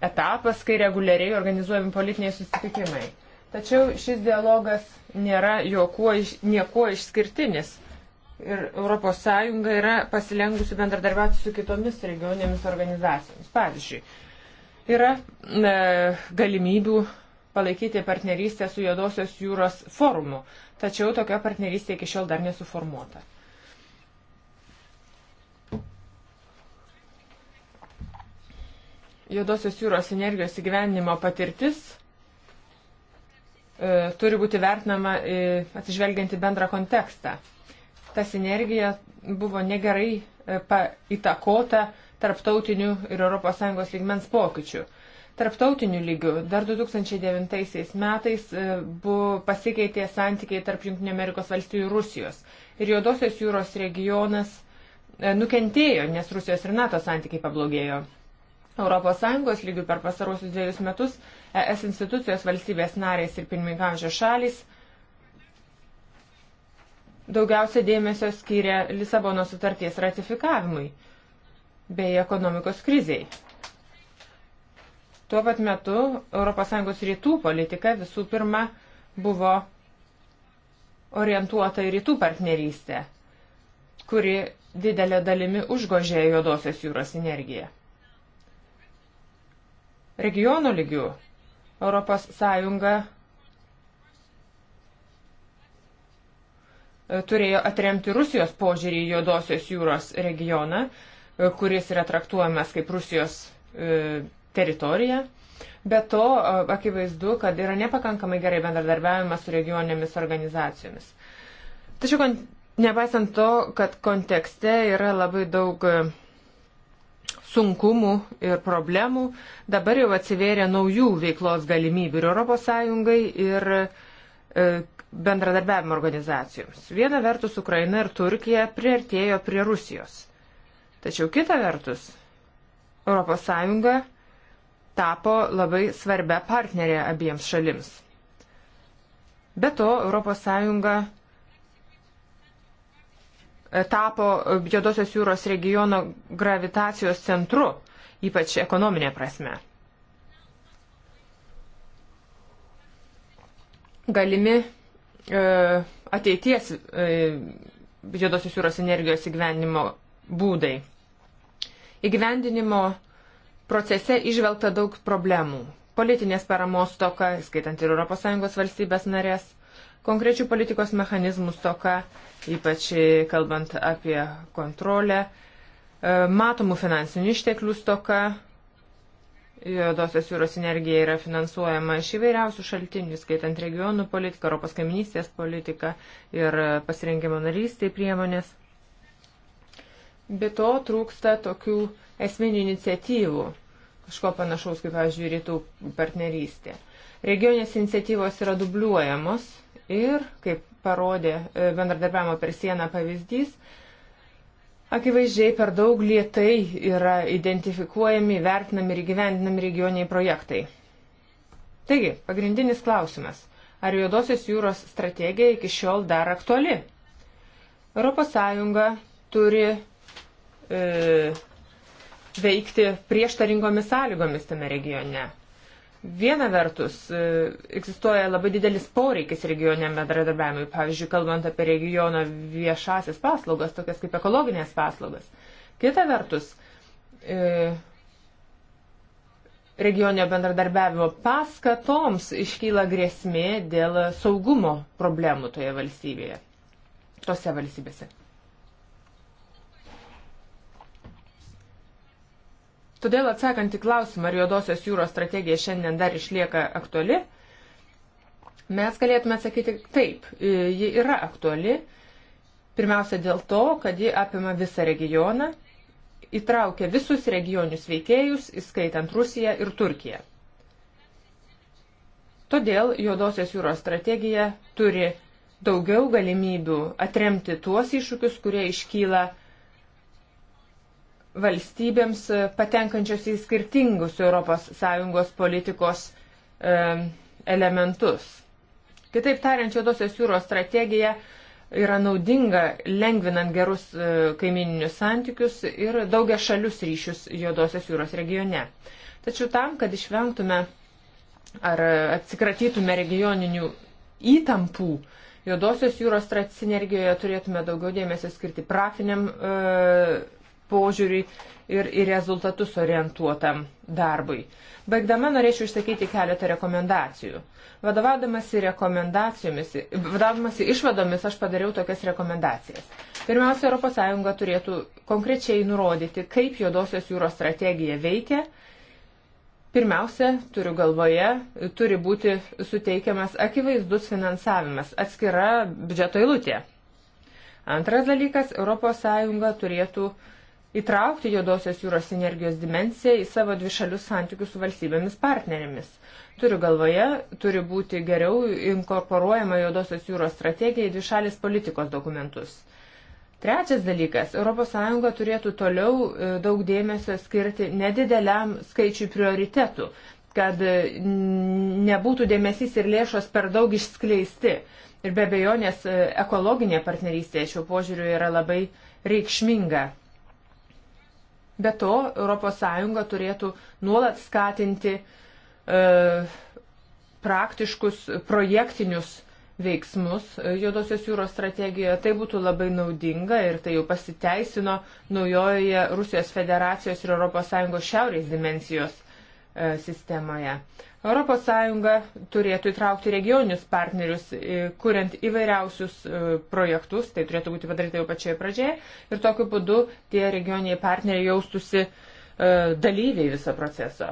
etapas, kai reguliariai organizuojami politiniai susitikimai. Tačiau šis dialogas nėra jokuo, niekuo išskirtinis. Ir ES yra pasilengusi bendradarbiauti su kitomis regioninėmis organizacijomis. Pavyzdžiui, yra e, galimybių palaikyti partnerystę su Jodosios jūros forumu, tačiau tokia partnerystė iki šiol dar nesuformuota. Juodosios jūros energijos įgyvenimo patirtis e, turi būti vertinama e, atsižvelgianti bendrą kontekstą. Ta sinergija buvo negerai e, pa, įtakota tarptautinių ir ES lygmens pokyčių. Tarptautinių lygių dar 2009 metais e, buvo pasikeitė santykiai tarp JAV ir Rusijos. Ir Juodosios jūros regionas e, nukentėjo, nes Rusijos ir NATO santykiai pablogėjo. ES lygių per pasarosius dviejus metus ES institucijos valstybės narės ir pirmininkaujančios šalis daugiausia dėmesio skiria Lisabono sutarties ratifikavimui bei ekonomikos kriziai. Tuo pat metu ES rytų politika visų pirma buvo orientuota į rytų partnerystę, kuri didelė dalimi užgožė juodosios jūros energiją regionų lygių. Europos Sąjunga e, turėjo atremti Rusijos požiūrį į Juodosios jūros regioną, e, kuris yra traktuojamas kaip Rusijos e, teritorija. Be to, akivaizdu, kad yra nepakankamai gerai bendradarbiavimas su regioninėmis organizacijomis. Tačiau, nepaisant to, kad kontekste yra labai daug sunkumų ir problemų, dabar jau atsivėrė naujų veiklos galimybių ir ES ir e, bendradarbiavimo organizacijoms. Viena vertus Ukraina ir Turkija priartėjo prie Rusijos. Tačiau kita vertus, ES tapo labai svarbia partnerė abiems šalims. Be to, ES tapo Jodosios jūros regiono gravitacijos centru, ypač ekonominė prasme. Galimi e, ateities e, Jodosios jūros energijos įgyvendinimo būdai. Įgyvendinimo procese išvelgta daug problemų. Politinės paramos toka, skaitant ir ES valstybės narės Konkrečių politikos mechanizmų stoka, ypač kalbant apie kontrolę, e, matomų finansinių išteklių stoka, Juodosios jūros energija yra finansuojama iš įvairiausių šaltinių, skaitant regionų politiką, Europos kaiminystės politiką ir pasirengimo narystiai priemonės. Be to trūksta tokių esminių iniciatyvų, kažko panašaus kaip, pavyzdžiui, rytų partnerystė. Regionės iniciatyvos yra dubliuojamos Ir, kaip parodė e, bendradarbiavimo per sieną pavyzdys, akivaizdžiai per daug lietai yra identifikuojami, vertinami ir gyvendinami regioniai projektai. Taigi, pagrindinis klausimas. Ar Juodosios jūros strategija iki šiol dar aktuali? ES turi e, veikti prieštaringomis sąlygomis tame regione. Viena vertus, e, egzistuoja labai didelis poreikis regioniam bendradarbiavimui, pavyzdžiui, kalbant apie regiono viešasias paslaugas, tokias kaip ekologinės paslaugas. Kita vertus, e, regioninio bendradarbiavimo paskatoms iškyla grėsmė dėl saugumo problemų toje valstybėje, tose valstybėse. Todėl atsakant į klausimą, ar juodosios jūros strategija šiandien dar išlieka aktuali, mes galėtume atsakyti taip, e, ji yra aktuali. Pirmiausia dėl to, kad ji apima visą regioną, įtraukia visus regionius veikėjus, įskaitant Rusiją ir Turkiją. Todėl juodosios jūros strategija turi daugiau galimybių atremti tuos iššūkius, kurie iškyla valstybėms e, patenkančios į skirtingus ES politikos e, elementus. Kitaip tariant, Juodosios jūros strategija yra naudinga lengvinant gerus e, kaimininius santykius ir daugia šalius ryšius Juodosios jūros regione. Tačiau tam, kad išvengtume ar atsikratytume regioninių įtampų, Juodosios jūros sinergijoje turėtume daugiau dėmesio skirti praktiniam e, požiūriui ir į rezultatus orientuotam darbui. Baigdama norėčiau išsakyti keletą rekomendacijų. Vadovaudamasi rekomendacijomis, vadovaudamasi išvadomis, aš padariau tokias rekomendacijas. Pirmiausia, ES turėtų konkrečiai nurodyti, kaip juodosios jūros strategija veikia. Pirmiausia, turiu galvoje, turi būti suteikiamas akivaizdus finansavimas, atskira biudžeto eilutė. Antras dalykas, ES turėtų uh, įtraukti juodosios jūros energijos dimensiją į savo dvišalius santykius su valstybėmis partnerėmis. Turiu galvoje, turi būti geriau inkorporuojama juodosios jūros strategija į dvišalės politikos dokumentus. Trečias dalykas - ES turėtų toliau e, daug dėmesio skirti nedideliam skaičiui prioritetų, kad nebūtų dėmesys ir lėšos per daug išskleisti. Ir be bejonės e, ekologinė partnerystė šiuo požiūriu yra labai reikšminga. Be to, ES turėtų nuolat skatinti e, praktiškus projektinius veiksmus e, Juodosios jūros strategijoje. Tai būtų labai naudinga ir tai jau pasiteisino naujoje Rusijos federacijos ir ES šiaurės dimensijos e, sistemoje. E, ES turėtų įtraukti regioninius partnerius, e, kuriant įvairiausius e, projektus, tai turėtų būti padaryta jau pačioje pradžioje, ir tokiu būdu tie regioniniai partneriai jaustusi e, dalyviai viso proceso.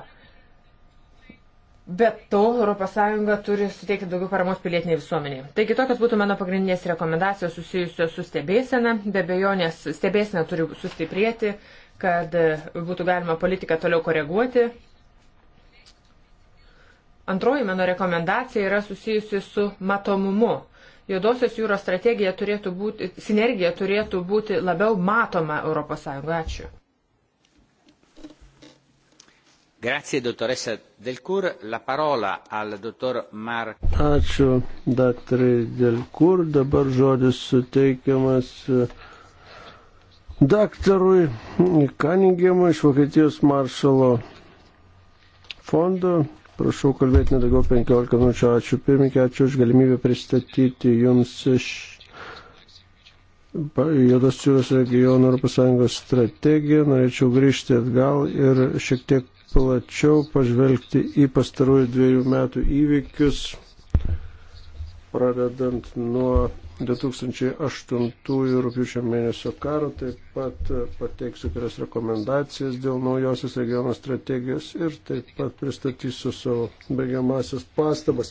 Bet to ES turi suteikti daugiau paramos pilietiniai visuomeniai. Taigi tokios būtų mano pagrindinės rekomendacijos susijusios su stebėsena. Be bejonės stebėsena turi sustiprėti, kad būtų galima politiką toliau koreguoti Antroji mano rekomendacija yra susijusi su matomumu. Juodosios jūros strategija turėtų būti, sinergija turėtų būti labiau matoma ES. Ačiū. Grazie, dottoressa Delcour. La parola al dottor Mark. Ačiū, daktarai Delcour. Dabar žodis suteikiamas e, daktarui Kaningiamui iš Vokietijos maršalo fondo Prašau kalbėti nedaugiau 15 minučių. Ačiū pirmininkė, ačiū už galimybę pristatyti jums iš Jodos jūros regiono Europos Sąjungos strategiją. Norėčiau grįžti atgal ir šiek tiek plačiau pažvelgti į pastarųjų dviejų metų įvykius, pradedant nuo 2008 rūpiučio mėnesio karo, taip pat e, pateiksiu kelias rekomendacijas dėl naujosios regiono strategijos ir taip pat pristatysiu savo baigiamasias pastabas.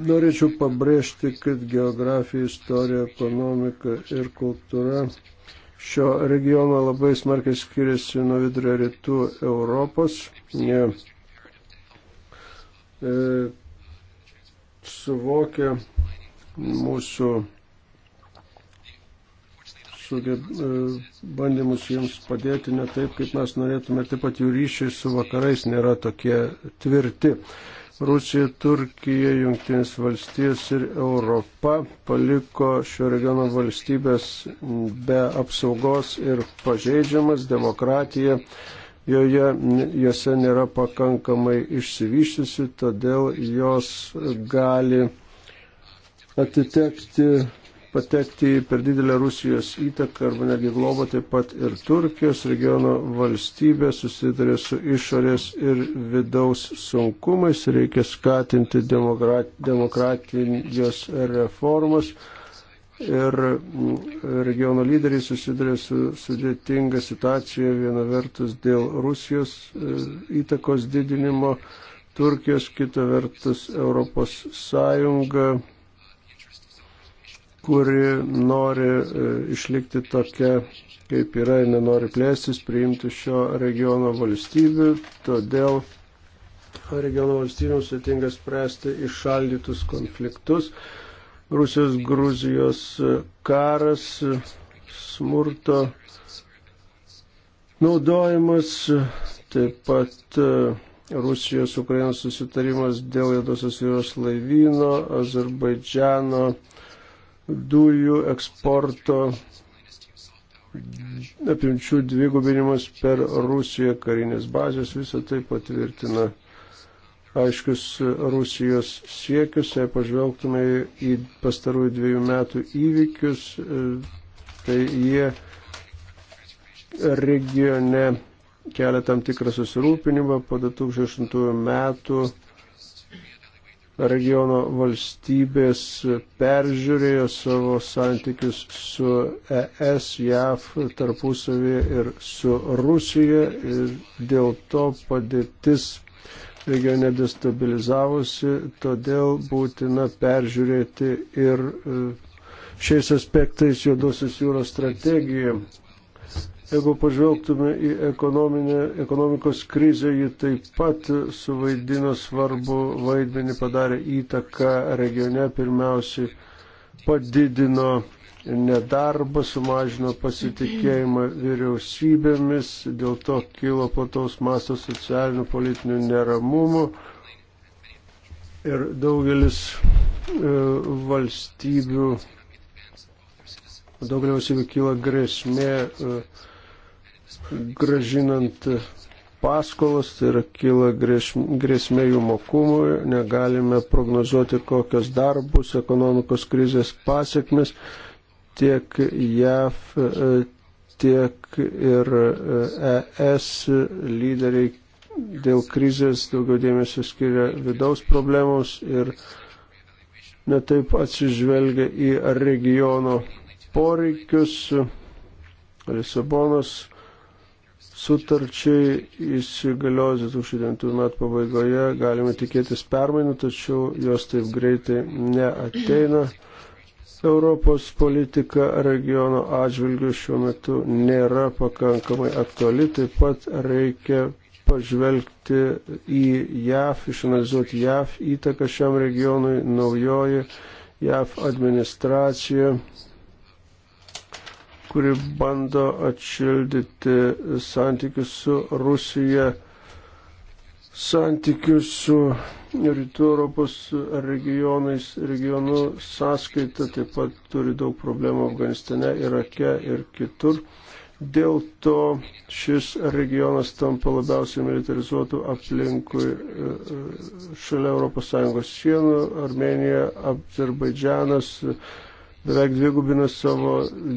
Norėčiau pabrėžti, kad geografija, istorija, ekonomika ir kultūra šio regiono labai smarkiai skiriasi nuo vidurio rytų Europos. Jie, e, suvokia mūsų sugeb, e, bandymus jiems padėti ne taip, kaip mes norėtume, taip pat jų ryšiai su vakarais nėra tokie tvirti. Rusija, Turkija, Junktinės valstijos ir Europa paliko šio regiono valstybės be apsaugos ir pažeidžiamas demokratija. Joje, jose nėra pakankamai išsivyščiusi, todėl jos gali atitekti, patekti per didelę Rusijos įtaką arba netgi globą, taip pat ir Turkijos regiono valstybė susidarė su išorės ir vidaus sunkumais, reikia skatinti demokratijos reformas. Ir mm, regiono lyderiai susiduria su sudėtinga situacija viena vertus dėl Rusijos e, įtakos didinimo, Turkijos, kita vertus Europos Sąjunga kuri nori e, išlikti tokia, kaip yra ir nenori plėstis, priimti šio regiono valstybių. Todėl regiono valstybėms sėtinga spręsti išaldytus konfliktus. Rusijos, Gruzijos e, karas, e, smurto naudojimas, taip pat Rusijos Ukrainos susitarimas dėl Jėdosios jūros laivyno, Azerbaidžiano dujų eksporto apimčių dvigubinimas per Rusiją karinės bazės, visą tai patvirtina aiškius Rusijos siekius, jei pažvelgtume į pastarųjų dviejų metų įvykius, tai jie regione kelia tam tikrą susirūpinimą po 2008 metų regiono valstybės peržiūrėjo savo santykius su ES, JAV tarpusavėje ir su Rusija ir dėl to padėtis regione destabilizavosi, todėl būtina peržiūrėti ir e, šiais aspektais Juodosios jūros strategiją Jeigu pažvelgtume į ekonomikos krizę, ji taip pat suvaidino svarbu vaidmenį, padarė įtaką regione, pirmiausiai padidino nedarbą, sumažino pasitikėjimą vyriausybėmis, dėl to kilo plataus masto socialinių politinių neramumų ir daugelis e, valstybių, daugelis valstybių kyla grėsmė uh, gražinant paskolas, tai yra kyla grėsmė jų mokumui, negalime prognozuoti, kokios dar bus ekonomikos krizės pasiekmes tiek JAF, tiek ir e, ES lyderiai dėl krizės daugiau dėmesio skiria vidaus problemams ir netaip atsižvelgia į regiono poreikius. Lisabonos sutarčiai įsigalios 2009 metų pabaigoje, galime tikėtis permainų, tačiau jos taip greitai neateina. Europos politika regiono atžvilgių šiuo metu nėra pakankamai aktuali, taip pat reikia pažvelgti į JAF, išanalizuoti JAF įtaką šiam regionui, naujoji JAF administracija kuri bando atšildyti santykius su Rusija, santykius su Rytų Europos regionais, regionų sąskaita, taip pat turi daug problemų Afganistane, Irake ir kitur. Dėl to šis regionas tampa labiausiai militarizuotų aplinkui e, e, šalia ES sienų - Armenija, Azerbaidžianas, beveik dvigubina savo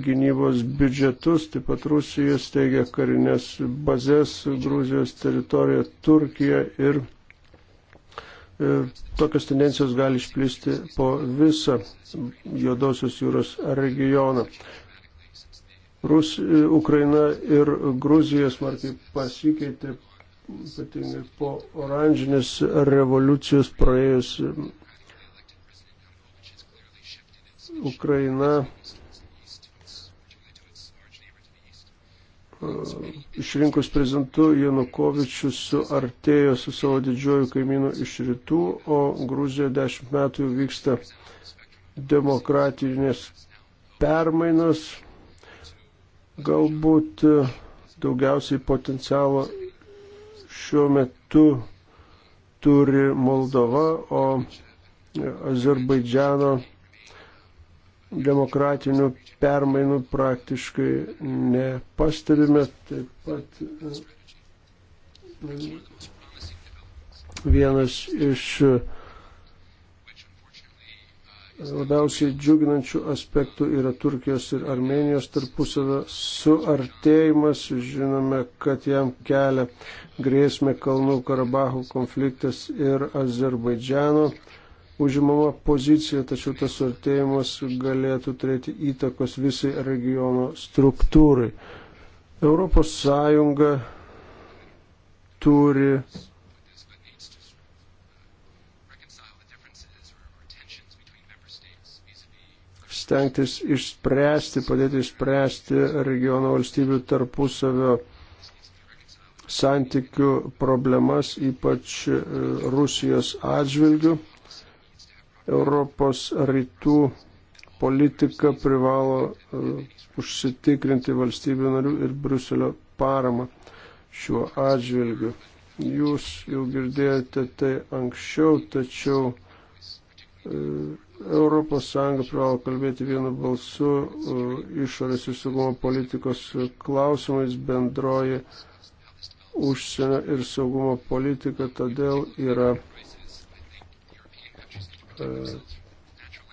gynybos biudžetus, taip pat Rusija steigia karinės bazės Gruzijos teritorijoje, Turkija ir, ir tokios tendencijos gali išplisti po visą Jodosios jūros regioną. Rus, Ukraina ir Gruzija smarkiai pasikeitė, ypatingai po oranžinės revoliucijos praėjus Ukraina išrinkus prezidentu Janukovičius suartėjo su savo didžiuoju kaimynu iš rytų, o Gruzija dešimt metų vyksta demokratinės permainos. Galbūt daugiausiai potencialo šiuo metu turi Moldova, o Azerbaidžiano demokratinių permainų praktiškai nepastebime. Taip pat e, vienas iš e, labiausiai džiuginančių aspektų yra Turkijos ir Armenijos tarpusavio suartėjimas. Žinome, kad jam kelia grėsmė Kalnų Karabahų konfliktas ir Azerbaidžiano užimama pozicija, tačiau tas artėjimas galėtų turėti įtakos visai regiono struktūrai. Europos Sąjunga turi stengtis išspręsti, padėti išspręsti regiono valstybių tarpusavio santykių problemas, ypač e, Rusijos atžvilgių. Europos rytų politika privalo e, užsitikrinti valstybių narių ir Bruselio paramą šiuo atžvilgiu. Jūs jau girdėjote tai anksčiau, tačiau e, Europos Sąjunga privalo kalbėti vienu balsu e, išorės ir saugumo politikos klausimais bendroji užsienio ir saugumo politika todėl yra E,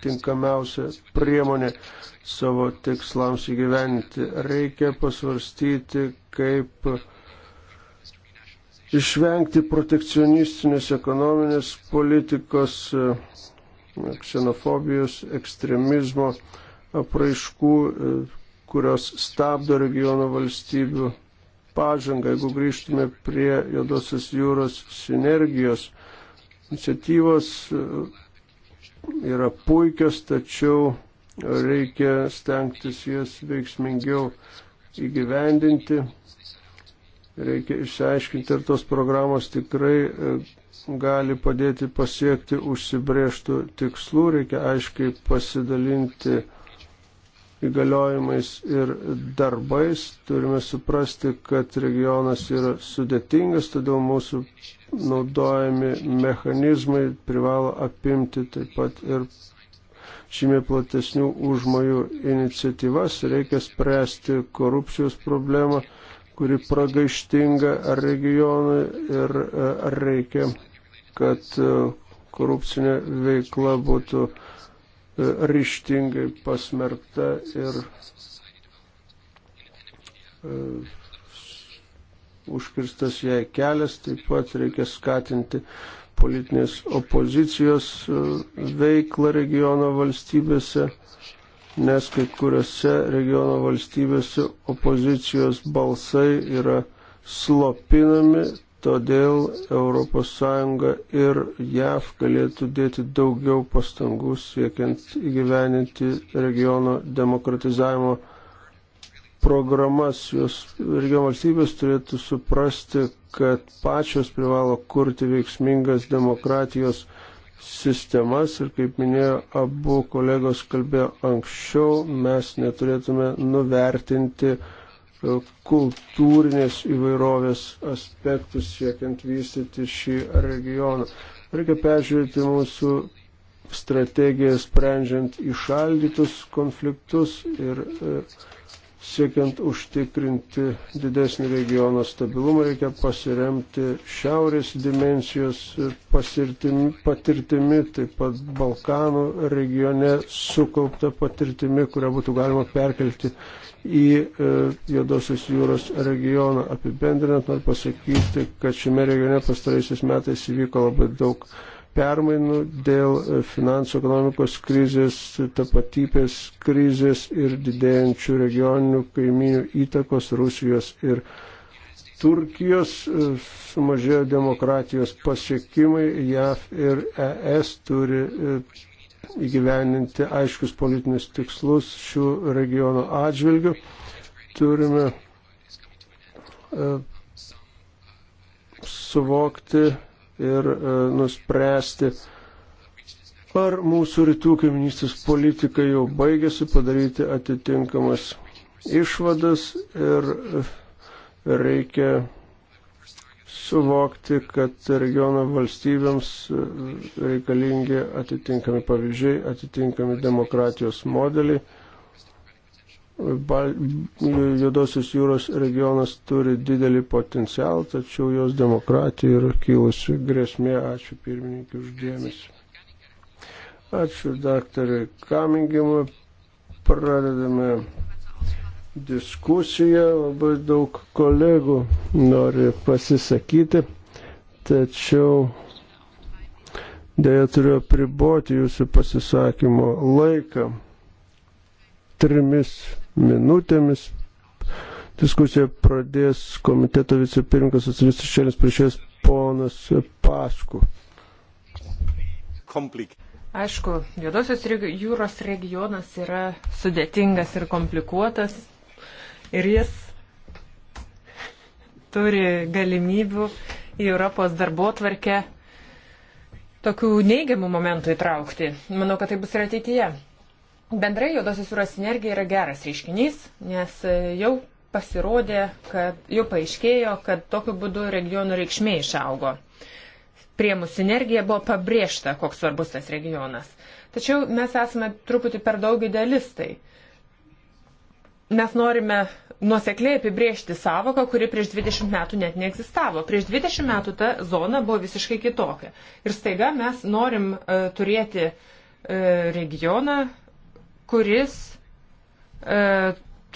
tinkamiausia priemonė savo tikslams įgyventi. Reikia pasvarstyti, kaip išvengti protekcionistinės ekonominės politikos, e, ksenofobijos, ekstremizmo apraiškų, e, kurios stabdo regiono valstybių pažangą. Jeigu grįžtume prie Jodosios jūros sinergijos iniciatyvos, yra puikios, tačiau reikia stengtis jas veiksmingiau įgyvendinti. Reikia išsiaiškinti, ar tos programos tikrai e, gali padėti pasiekti užsibrieštų tikslų. Reikia aiškiai pasidalinti įgaliojimais ir darbais. Turime suprasti, kad regionas yra sudėtingas, todėl mūsų naudojami mechanizmai privalo apimti taip pat ir žymiai platesnių užmojų iniciatyvas. Reikia spręsti korupcijos problemą, kuri pragaištinga regionui ir e, reikia, kad e, korupcinė veikla būtų uh, ryštingai pasmerkta ir e, užkirstas jai kelias, taip pat reikia skatinti politinės opozicijos e, veiklą regiono valstybėse, nes kai kuriuose regiono valstybėse opozicijos balsai yra slopinami Todėl ES ir JAV galėtų dėti daugiau pastangų siekiant įgyveninti regiono demokratizavimo programas. Jos regiono valstybės turėtų suprasti, kad pačios privalo kurti veiksmingas demokratijos sistemas ir kaip minėjo abu kolegos kalbėjo anksčiau, mes neturėtume nuvertinti uh, E, kultūrinės įvairovės aspektus siekiant vystyti šį regioną. Reikia peržiūrėti mūsų strategiją sprendžiant įšaldytus konfliktus ir e, Siekiant užtikrinti didesnį regiono stabilumą, reikia pasiremti šiaurės dimensijos patirtimi, patirtimi, taip pat Balkanų regione sukaupta patirtimi, kurią būtų galima perkelti į e, Jodosios jūros regioną. Apibendrinant, noriu pasakyti, kad šiame regione pastaraisiais metais įvyko labai daug permainų dėl e, finansų ekonomikos krizės, tapatybės krizės ir didėjančių regioninių kaiminių įtakos Rusijos ir Turkijos e, sumažėjo demokratijos pasiekimai, JAF ir ES turi e, įgyveninti aiškius politinius tikslus šių regiono atžvilgių. Turime suvokti ir e, nuspręsti, ar mūsų rytų kaiminystės politika jau baigėsi padaryti atitinkamas išvadas ir e, reikia suvokti, kad regiono valstybėms e, reikalingi atitinkami pavyzdžiai, atitinkami demokratijos modeliai Juodosios jūros regionas turi didelį potencialą, tačiau jos demokratija yra kilusi grėsmė. Ačiū pirmininkai uždėmesi. Ačiū daktarui Kamingimui. Pradedame diskusiją. Labai daug kolegų nori pasisakyti, tačiau dėja turiu apriboti jūsų pasisakymo laiką trimis minutėmis. Diskusiją pradės komiteto vicepirmininkas atsivistas šėlis priešės ponas Pasku. Komplik. Aišku, Juodosios jūros regionas yra sudėtingas ir komplikuotas ir jis turi galimybių į Europos darbo tvarkę tokių neigiamų momentų įtraukti. Manau, kad tai bus ir ateityje. Bendrai juodosios jūros sinergija yra geras reiškinys, nes e, jau pasirodė, kad jau paaiškėjo, kad tokiu būdu regionų reikšmė išaugo. Prie mūsų sinergija buvo pabrėžta, koks svarbus tas regionas. Tačiau mes esame truputį per daug idealistai. Mes norime nuosekliai apibriežti savoką, kuri prieš 20 metų net neegzistavo. Prieš 20 metų ta zona buvo visiškai kitokia. Ir staiga mes norim uh, turėti uh, regioną, kuris e,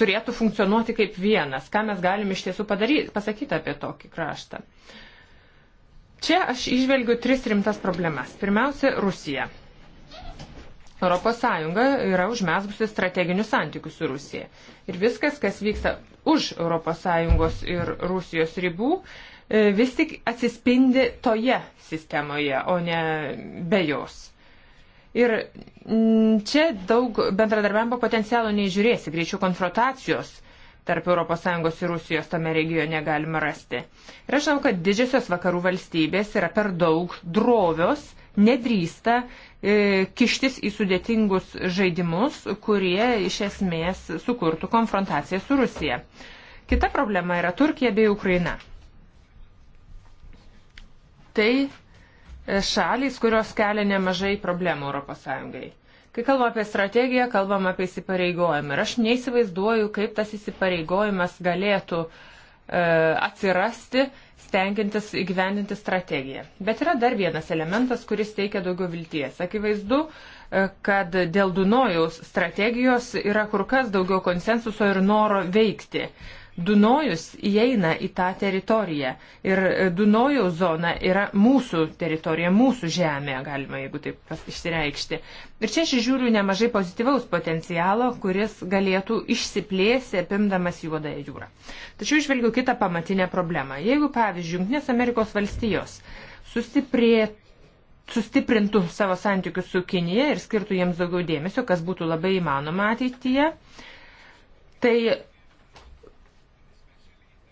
turėtų funkcionuoti kaip vienas. Ką mes galim iš tiesų padaryti, pasakyti apie tokį kraštą. Čia aš išvelgiu tris rimtas problemas. Pirmiausia, Rusija. ES yra užmesgusi strateginius santykius su Rusija. Ir viskas, kas vyksta už ES ir Rusijos ribų, e, vis tik atsispindi toje sistemoje, o ne be jos. Ir mm, čia daug bendradarbiavimo potencialo neižiūrėsi, greičiau konfrontacijos tarp ES ir Rusijos tame regione galima rasti. Ir aš žinau, kad didžiosios vakarų valstybės yra per daug drovios, nedrįsta e, kištis į sudėtingus žaidimus, kurie iš esmės sukurtų konfrontaciją su Rusija. Kita problema yra Turkija bei Ukraina. Tai šalys, kurios kelia nemažai problemų ES. Kai kalbam apie strategiją, kalbam apie įsipareigojimą. Ir aš neįsivaizduoju, kaip tas įsipareigojimas galėtų e, atsirasti, stengiantis įgyvendinti strategiją. Bet yra dar vienas elementas, kuris teikia daugiau vilties. Akivaizdu, e, kad dėl Dunojaus strategijos yra kur kas daugiau konsensuso ir noro veikti. E, Dunojus įeina į tą teritoriją ir e, Dunojaus zona yra mūsų teritorija, mūsų žemė, galima jeigu taip išsireikšti. Ir čia aš žiūriu nemažai pozityvaus potencialo, kuris galėtų išsiplėsti apimdamas juodąją jūrą. Tačiau išvelgiu kitą pamatinę problemą. Jeigu, pavyzdžiui, Junktinės Amerikos valstijos sustiprėtų sustiprintų savo santykius su Kinija ir skirtų jiems daugiau dėmesio, kas būtų labai įmanoma ateityje, tai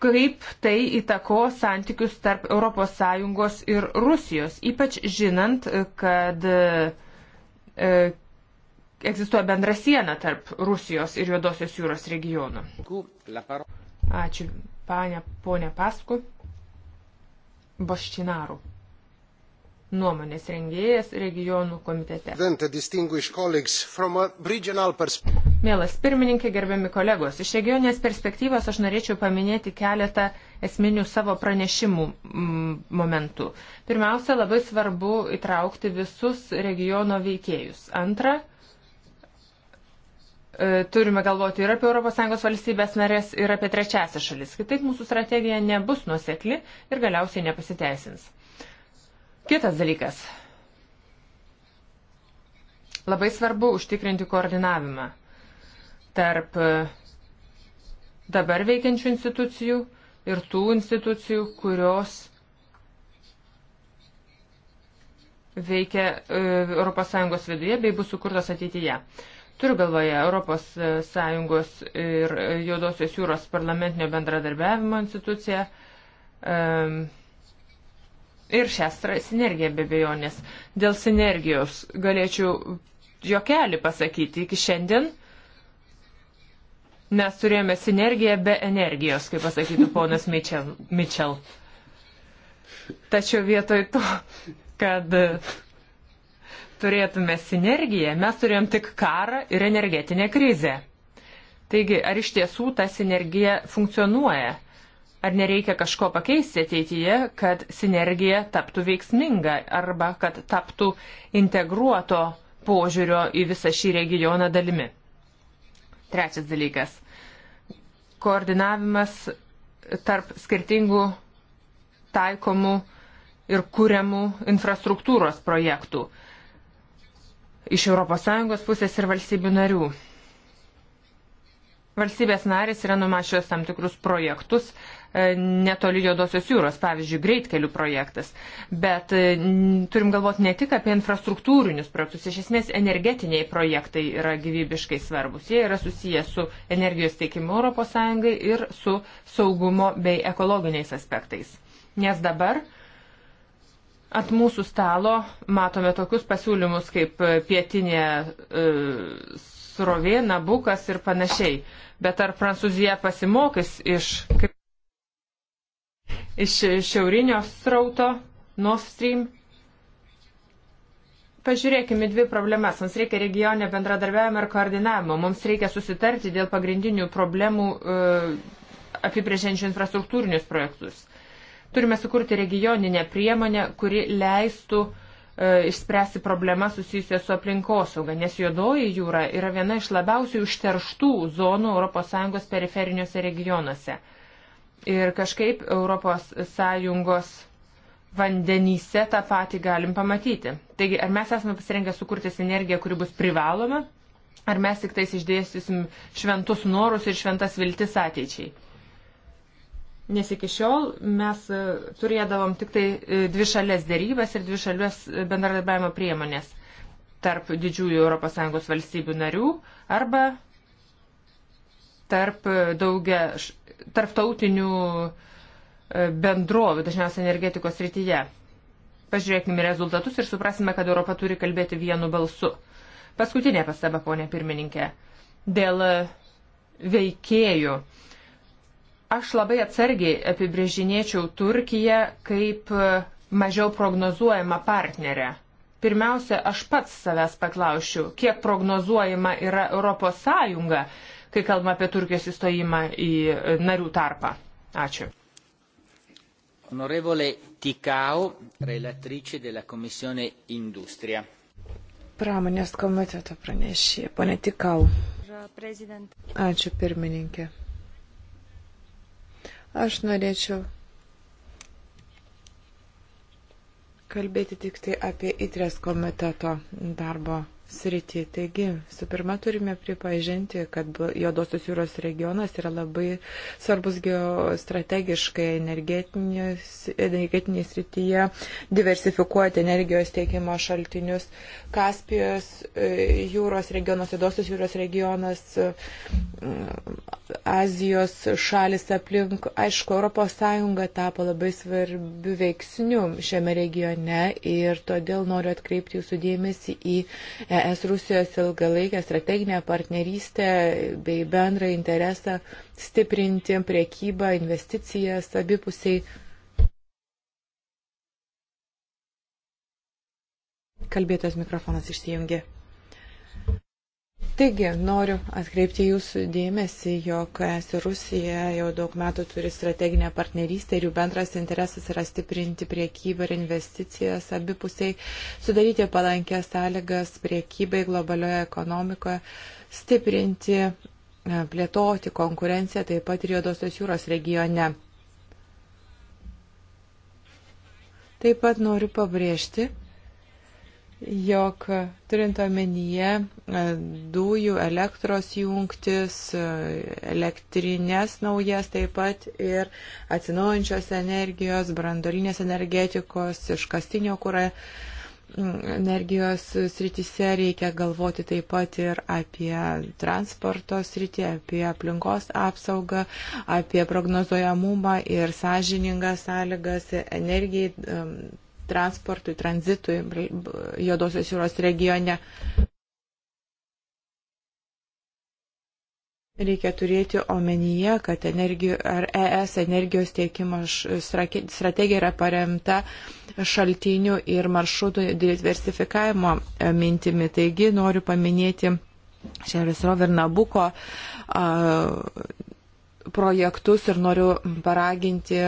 kaip tai įtako santykius tarp ES ir Rusijos, ypač žinant, kad e, egzistuoja bendra siena tarp Rusijos ir Juodosios jūros regionų. Ačiū, panė, ponė Pasku. Baščinaru. Nuomonės rengėjas regionų komitete. Mielas pirmininkė, gerbiami kolegos, iš regioninės perspektyvos aš norėčiau paminėti keletą esminių savo pranešimų momentų. Pirmiausia, labai svarbu įtraukti visus regiono veikėjus. Antra, e, turime galvoti ir apie ES valstybės narės, ir apie trečiasią šalis. Kitaip mūsų strategija nebus nusekli ir galiausiai nepasiteisins. Kitas dalykas. Labai svarbu užtikrinti koordinavimą tarp e, dabar veikiančių institucijų ir tų institucijų, kurios veikia e, ES viduje bei bus sukurtos ateityje. Turiu galvoje ES ir Juodosios jūros parlamentinio bendradarbiavimo instituciją ir šią sinergiją be bejonės. Dėl sinergijos galėčiau jokelį pasakyti iki šiandien Mes turėjome sinergiją be energijos, kaip pasakytų ponas Mitchell. Tačiau vietoj to, kad turėtume sinergiją, mes turėjom tik karą ir energetinę krizę. Taigi, ar iš tiesų ta sinergija funkcionuoja? Ar nereikia kažko pakeisti ateityje, kad sinergija taptų veiksminga arba kad taptų integruoto požiūrio į visą šį regioną dalimi? Trečias dalykas - koordinavimas tarp skirtingų taikomų ir kuriamų infrastruktūros projektų iš ES pusės ir valstybių narių. Valstybės narės yra numačios tam tikrus projektus, E, netoli Jodosios jūros, pavyzdžiui, greitkelių projektas. Bet e, turim galvoti ne tik apie infrastruktūrinius projektus, iš esmės energetiniai projektai yra gyvybiškai svarbus. Jie yra susiję su energijos teikimu ES ir su saugumo bei ekologiniais aspektais. Nes dabar ant mūsų stalo matome tokius pasiūlymus kaip e, pietinė e, srovė, nabukas ir panašiai. Bet ar Prancūzija pasimokys iš. Kaip iš šiaurinio srauto Nord Stream. Pažiūrėkime dvi problemas. Mums reikia regioninio bendradarbiavimo ir koordinavimo. Mums reikia susitarti dėl pagrindinių problemų e, apibrėžiančių infrastruktūrinius projektus. Turime sukurti regioninę priemonę, kuri leistų e, išspręsti problemą susijusią su aplinkosauga, nes Juodoji jūra yra viena iš labiausiai užterštų zonų ES periferiniuose regionuose. Ir kažkaip ES vandenyse tą patį galim pamatyti. Taigi, ar mes esame pasirengę sukurti sinergiją, kuri bus privaloma, ar mes tik tais išdėstysim šventus norus ir šventas viltis ateičiai. Nes iki šiol mes e, turėdavom tik tai e, dvi šalės dėrybas ir dvi šalios e, bendradarbiavimo priemonės tarp didžiųjų ES valstybių narių arba tarp daugia tarptautinių e, bendrovių, dažniausiai energetikos rytyje. Pažiūrėkime rezultatus ir suprasime, kad Europa turi kalbėti vienu balsu. Paskutinė pastaba, ponė pirmininkė, dėl e, veikėjų. Aš labai atsargiai apibrėžinėčiau Turkiją kaip e, mažiau prognozuojama partnerė. Pirmiausia, aš pats savęs paklausiu, kiek prognozuojama yra ES kai kalbame apie Turkijos įstojimą į e, narių tarpą. Ačiū. Onorevole Tikau, relatrice della Commissione Industria. Pramonės komiteto pranešė, ponė Tikau. Ačiū pirmininkė. Aš norėčiau kalbėti tik tai apie ITRES komiteto darbo srity. Taigi, su pirma turime pripažinti, kad Jodosios jūros regionas yra labai svarbus geostrategiškai energetinėje srityje, diversifikuoti energijos teikimo šaltinius. Kaspijos e, jūros regionas, Jodosios jūros regionas, e, Azijos šalis aplink, aišku, ES tapo labai svarbiu veiksniu šiame regione ir todėl noriu atkreipti jūsų dėmesį į ES Rusijos ilgalaikę strateginę partnerystę bei bendrą interesą stiprinti priekybą, investicijas abipusiai. Kalbėtas mikrofonas išsijungė. Taigi, noriu atkreipti jūsų dėmesį, jog ES ir Rusija jau daug metų turi strateginę partnerystę ir jų bendras interesas yra stiprinti priekybą ir investicijas abipusiai, sudaryti palankęs sąlygas priekybai globalioje ekonomikoje, stiprinti, e, plėtoti konkurenciją taip pat ir Jodosios jūros regione. Taip pat noriu pabrėžti, jog turint omenyje e, dujų, elektros jungtis, e, elektrinės naujas taip pat ir atsinaujančios energijos, brandolinės energetikos, iškastinio kūrą energijos srityse reikia galvoti taip pat ir apie transporto sritį, apie aplinkos apsaugą, apie prognozuojamumą ir sąžiningas sąlygas energijai transportui, tranzitui Jodosios jūros regione. Reikia turėti omenyje, kad energijų, ar ES energijos tiekimo strategija yra paremta šaltinių ir maršrutų diversifikavimo e, mintimi. Taigi noriu paminėti Šiaurės Rover Nabuko projektus ir noriu paraginti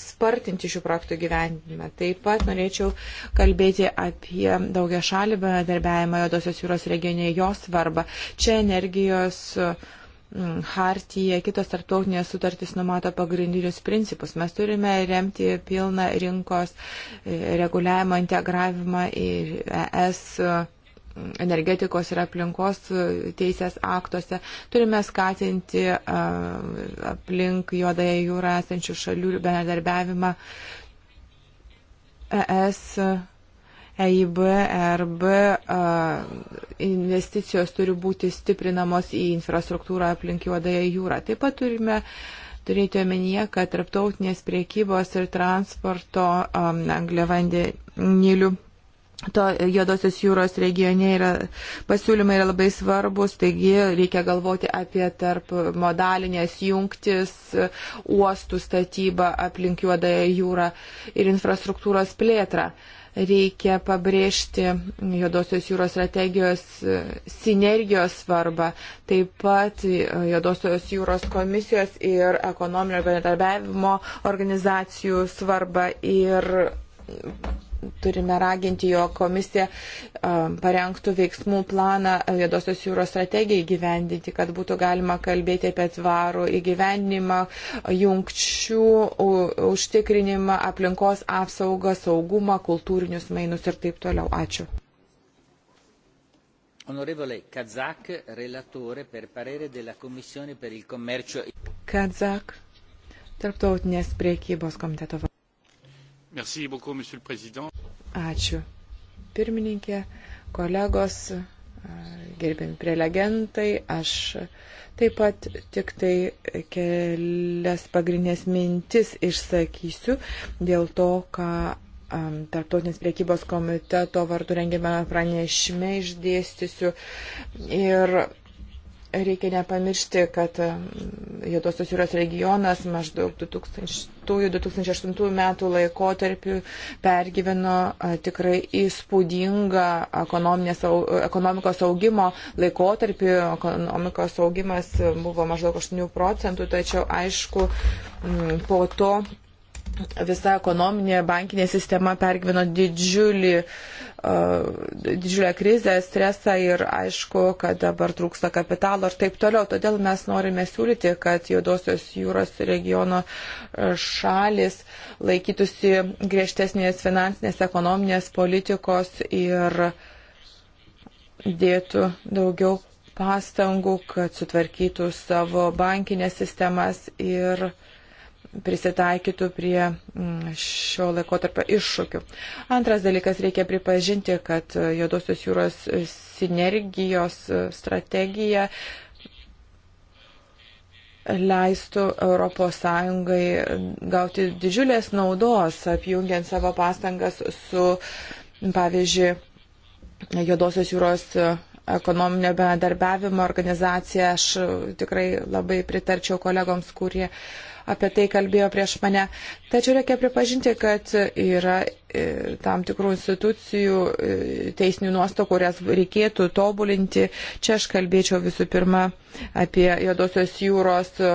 spartinti šių projektų gyvenimą. Taip pat norėčiau kalbėti apie daugia šalį bendarbiavimą Jodosios jūros regione, jos svarbą. Čia energijos Hartija, kitos tarptautinės sutartys numato pagrindinius principus. Mes turime remti pilną rinkos e, reguliavimą, integravimą į ES energetikos ir aplinkos teisės aktuose. Turime skatinti aplink juodąją jūrą esančių šalių bendradarbiavimą ES. EIB, ERB investicijos turi būti stiprinamos į infrastruktūrą aplink juodąją jūrą. Taip pat turime turėti omenyje, kad tarptautinės priekybos ir transporto um, angliavandenilių to Jodosios jūros regione yra pasiūlymai yra labai svarbus, taigi reikia galvoti apie tarp modalinės jungtis, uostų statybą aplink Juodąją jūrą ir infrastruktūros plėtrą. Reikia pabrėžti Jodosios jūros strategijos sinergijos svarbą, taip pat Jodosios jūros komisijos ir ekonominio bendradarbiavimo organizacijų svarbą ir turime raginti jo komisiją parengtų veiksmų planą Jėdosios jūros strategijai gyvendinti, kad būtų galima kalbėti apie tvarų įgyvendinimą, jungčių užtikrinimą, aplinkos apsaugą, saugumą, kultūrinius mainus ir taip toliau. Ačiū. Onorevole Kazak, relatore per parere della Commissione per il commercio. Kazak, tarptautinės priekybos komiteto. Merci beaucoup, monsieur le président. Ačiū. Pirmininkė, kolegos, gerbiami prelegentai, aš taip pat tik tai kelias pagrindinės mintis išsakysiu dėl to, ką Tarptautinės priekybos komiteto vardu rengiame pranešime išdėstysiu. Ir Reikia nepamiršti, kad mm, Juodosios jūros regionas maždaug 2008 metų laikotarpiu pergyveno tikrai įspūdingą ekonomikos augimo laikotarpį. Ekonomikos augimas buvo maždaug 8 procentų, tačiau aišku, po to visa ekonominė bankinė sistema pergyveno didžiulį, uh, didžiulę krizę, stresą ir aišku, kad dabar trūksta kapitalo ir taip toliau. Todėl mes norime siūlyti, kad Juodosios jūros regiono šalis laikytųsi griežtesnės finansinės ekonominės politikos ir dėtų daugiau pastangų, kad sutvarkytų savo bankinės sistemas ir uh, prisitaikytų prie mm, šio laikotarpio iššūkių. Antras dalykas, reikia pripažinti, kad e, Jodosios jūros sinergijos e, strategija leistų ES e, gauti didžiulės naudos, apjungiant savo pastangas su, pavyzdžiui, Jodosios jūros ekonominio bendarbiavimo organizacija. Aš tikrai labai pritarčiau kolegoms, kurie uh, apie tai kalbėjo prieš mane. Tačiau reikia pripažinti, kad yra e, tam tikrų institucijų e, teisinių nuostatų, kurias reikėtų tobulinti. Čia aš kalbėčiau visų pirma apie Jodosios jūros e,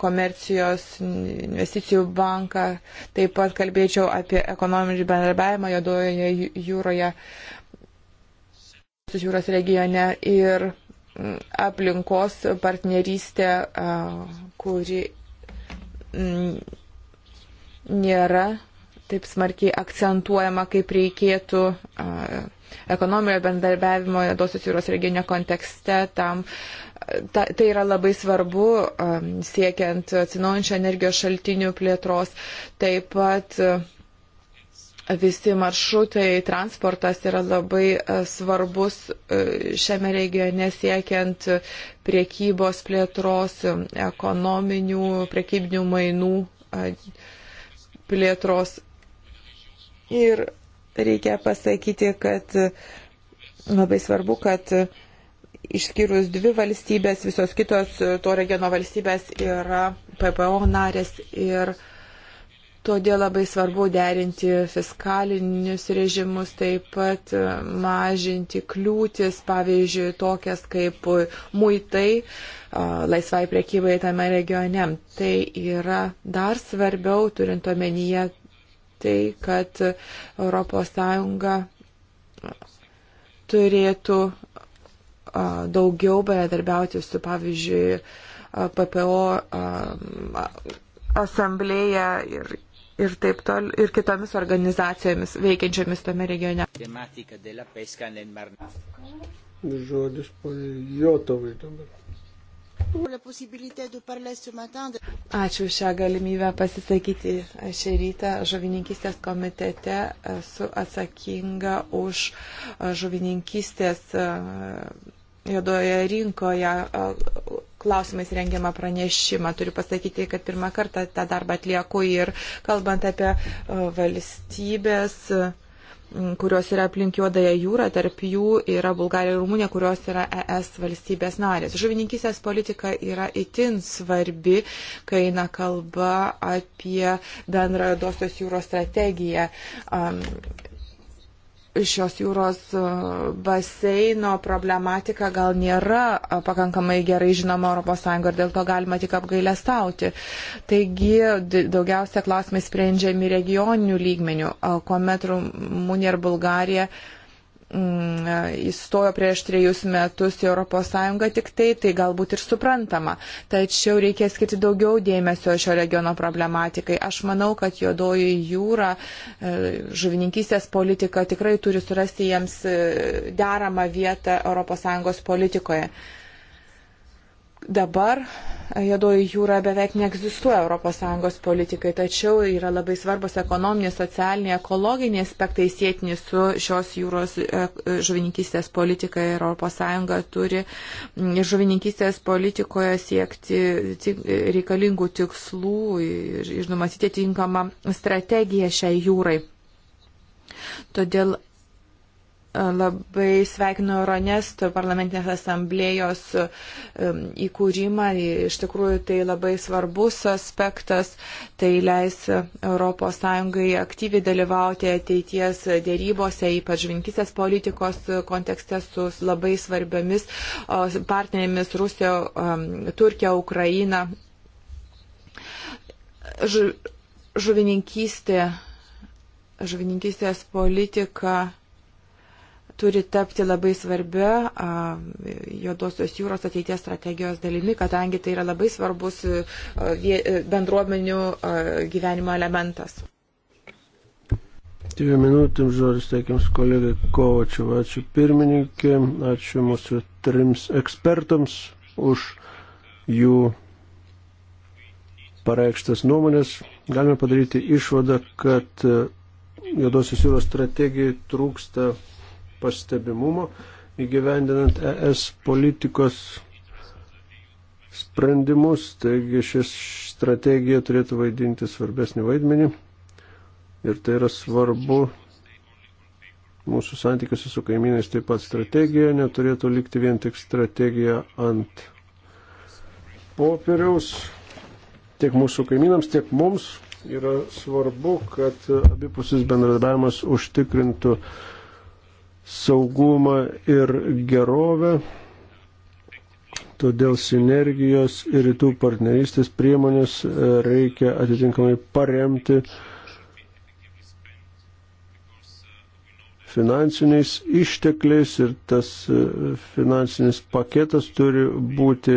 komercijos investicijų banką, taip pat kalbėčiau apie ekonominį bendradarbiavimą Jodojoje jūroje jūros regione ir aplinkos partnerystė, kuri Mm, nėra taip smarkiai akcentuojama, kaip reikėtų ekonominio bendarbiavimo Jėdosios jūros regionio kontekste. Tam, ta, tai yra labai svarbu siekiant atsinaujančio energijos šaltinių plėtros. Taip pat visi maršrutai, transportas yra labai e, svarbus e, šiame regione siekiant priekybos plėtros, ekonominių, priekybinių mainų e, plėtros. Ir reikia pasakyti, kad labai svarbu, kad išskyrus dvi valstybės, visos kitos to regiono valstybės yra PPO narės ir uh, Todėl labai svarbu derinti fiskalinius režimus, taip pat e, mažinti kliūtis, pavyzdžiui, tokias kaip muitai e, laisvai priekybai tame regione. Tai yra dar svarbiau, turint omenyje tai, kad ES turėtų e, daugiau bendradarbiauti su, pavyzdžiui, PPO asamblėja ir ir, taip tol, ir kitomis organizacijomis veikiančiomis tame regione. Žodis Jotovai dabar. Ačiū šią galimybę pasisakyti. Šį rytą žuvininkystės komitete esu atsakinga už e, žuvininkystės e, juodoje rinkoje klausimais rengiamą pranešimą. Turiu pasakyti, kad pirmą kartą tą darbą atlieku ir kalbant apie e, valstybės kurios yra aplink juodąją jūrą, tarp jų yra Bulgarija ir Rumunija, kurios yra ES valstybės narės. Žuvininkysės politika yra itin svarbi, kai eina kalba apie bendrą Dostos jūros strategiją. Um, šios jūros e, baseino problematika gal nėra e, pakankamai gerai žinoma ES ir dėl to galima tik apgailę stauti. Taigi daugiausia klausimai sprendžiami regioninių lygmenių, e, kuomet Rumunija ir Bulgarija uh, Mm, įstojo prieš trejus metus į ES tik tai, tai galbūt ir suprantama. Tačiau reikia skirti daugiau dėmesio šio regiono problematikai. Aš manau, kad juodoji jūra, e, žuvininkystės politika tikrai turi surasti jiems e, deramą vietą ES politikoje. Dabar e, Jodoji jūra beveik neegzistuoja ES politikai, tačiau yra labai svarbus ekonominiai, socialiniai, ekologiniai aspektai sėtini su šios jūros e, e, žuvininkystės politika ir ES turi žuvininkystės politikoje siekti reikalingų tikslų ir, ir numatyti tinkamą strategiją šiai jūrai. Todėl Labai sveikinu Euronest parlamentinės asamblėjos um, įkūrimą. Iš tikrųjų, tai labai svarbus aspektas. Tai leis ES aktyviai dalyvauti ateities dėrybose, ypač žvinkisės politikos kontekste su labai svarbiamis partnerėmis Rusija, um, Turkija, Ukraina. Žu, žuvininkystė, žuvininkystės politika turi tapti labai svarbia Juodosios jūros ateities strategijos dalimi, kadangi tai yra labai svarbus bendruomenių gyvenimo elementas. Dvi minutėms žodis teikiams kolegai Kovačiu. Ačiū pirmininkė, ačiū mūsų trims ekspertams už jų pareikštas nuomonės. Galime padaryti išvadą, kad e, Juodosios jūros strategijai trūksta pastebimumo įgyvendinant ES politikos sprendimus, taigi šis strategija turėtų vaidinti svarbesnį vaidmenį ir tai yra svarbu mūsų santykiuose su kaimynais taip pat strategija neturėtų likti vien tik strategija ant popieriaus. Tiek mūsų kaimynams, tiek mums yra svarbu, kad abipusis bendradarbiavimas užtikrintų uh, saugumą ir gerovę. Todėl sinergijos ir rytų partnerystės priemonės e, reikia atitinkamai paremti finansiniais ištekliais ir tas e, finansinis paketas turi būti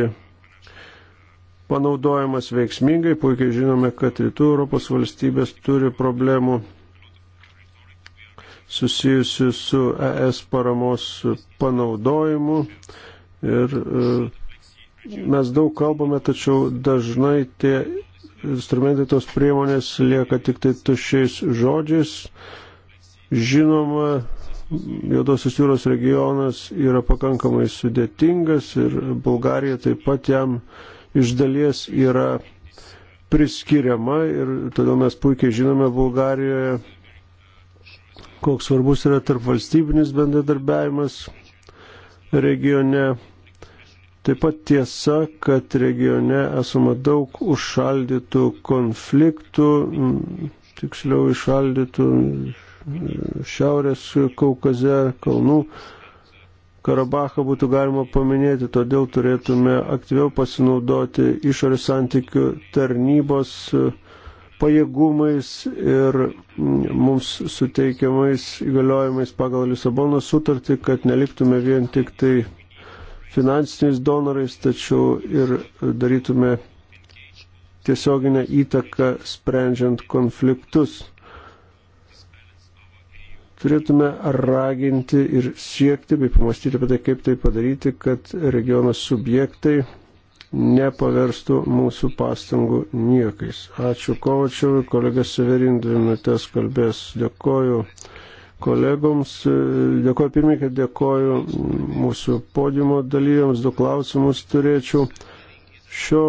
panaudojamas veiksmingai. Puikiai žinome, kad rytų Europos valstybės turi problemų susijusių su ES paramos panaudojimu. Ir e, mes daug kalbame, tačiau dažnai tie instrumentai, tos priemonės lieka tik tai tušiais žodžiais. Žinoma, Juodosios jūros regionas yra pakankamai sudėtingas ir Bulgarija taip pat jam iš dalies yra priskiriama ir todėl mes puikiai žinome Bulgarijoje koks svarbus yra tarp valstybinis bendradarbiavimas regione. Taip pat tiesa, kad regione esama daug užšaldytų konfliktų, tiksliau išaldytų Šiaurės Kaukaze, Kalnų Karabachą būtų galima paminėti, todėl turėtume aktyviau pasinaudoti išorės santykių tarnybos pajėgumais ir mums suteikiamais įgaliojimais pagal Lisabono sutartį, kad neliktume vien tik tai finansiniais donorais, tačiau ir darytume tiesioginę įtaką sprendžiant konfliktus. Turėtume raginti ir siekti bei pamastyti apie tai, kaip tai padaryti, kad regionos subjektai nepaverstų mūsų pastangų niekais. Ačiū Kovačiavui, kolega Severin dvi minutės kalbės. Dėkoju kolegoms, dėkoju pirmininkai, dėkoju mūsų podiumo dalyviams, du klausimus turėčiau. Šio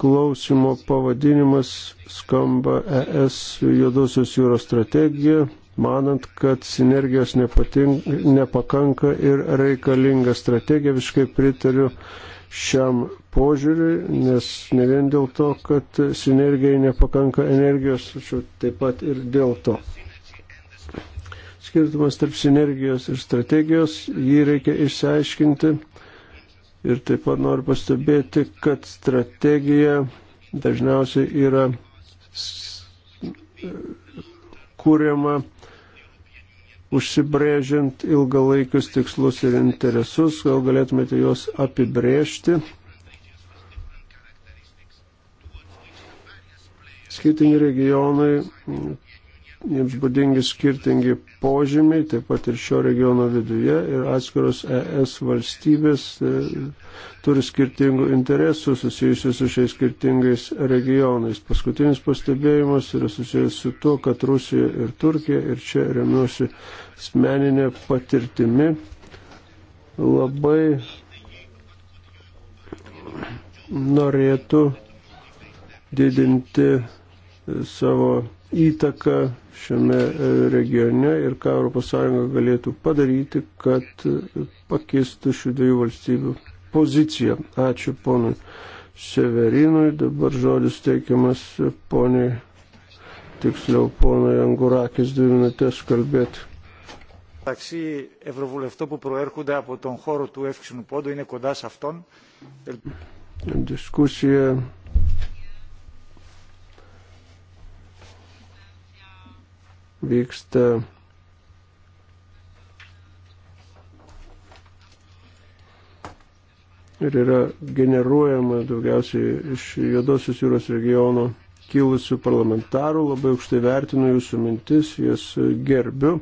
klausimo pavadinimas skamba ES juodosios jūros strategija, manant, kad sinergijos nepatink, nepakanka ir reikalinga strategija, visiškai pritariu šiam požiūriui, nes ne vien dėl to, kad sinergijai nepakanka energijos, tačiau taip pat ir dėl to. Skirtumas tarp sinergijos ir strategijos, jį reikia išsiaiškinti. Ir taip pat noriu pastebėti, kad strategija dažniausiai yra kūriama užsibrėžiant ilgalaikius tikslus ir interesus, gal galėtumėte juos apibrėžti Skirtingi regionai, jiems būdingi skirtingi požymiai, taip pat ir šio regiono viduje ir atskiros ES valstybės e, turi skirtingų interesų susijusių su šiais skirtingais regionais. Paskutinis pastebėjimas yra susijęs su tuo, kad Rusija ir Turkija, ir čia remiuosi asmeninė patirtimi, labai norėtų didinti savo įtaką šiame e, regione ir ką ES galėtų padaryti, kad pakistų šių dviejų valstybių poziciją. Ačiū ponui Severinui, dabar žodis teikiamas poniai, tiksliau ponai Angurakis, dvi minutės kalbėti. Μεταξύ ευρωβουλευτών που προέρχονται από τον χώρο του εύξηνου πόντου είναι κοντά σε αυτόν. Diskusija vyksta ir yra generuojama daugiausiai iš Jodosios jūros regiono kilusių parlamentarų. Labai aukštai vertinu jūsų mintis, jas gerbiu,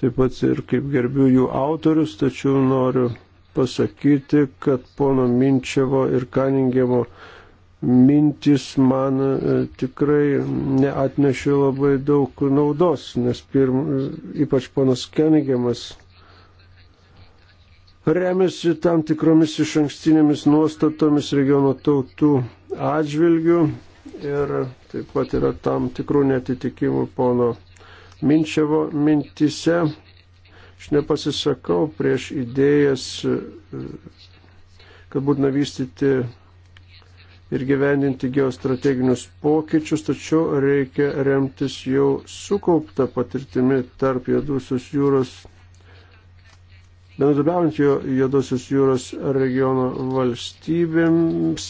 taip pat ir kaip gerbiu jų autorius, tačiau noriu pasakyti, kad pono Minčiavo ir Kaningemo mintis man e, tikrai neatnešė labai daug naudos, nes pirm, ypač panas Kenigiamas remiasi tam tikromis iš ankstinėmis nuostatomis regiono tautų atžvilgių ir taip pat yra tam tikrų netitikimų pono Minčiavo mintise. Aš nepasisakau prieš idėjas, e, kad būtina vystyti ir gyveninti geostrateginius pokyčius, tačiau reikia remtis jau sukauptą patirtimi tarp Jėdusios jūros, bendradabiaujant Jėdusios jūros regiono valstybėms.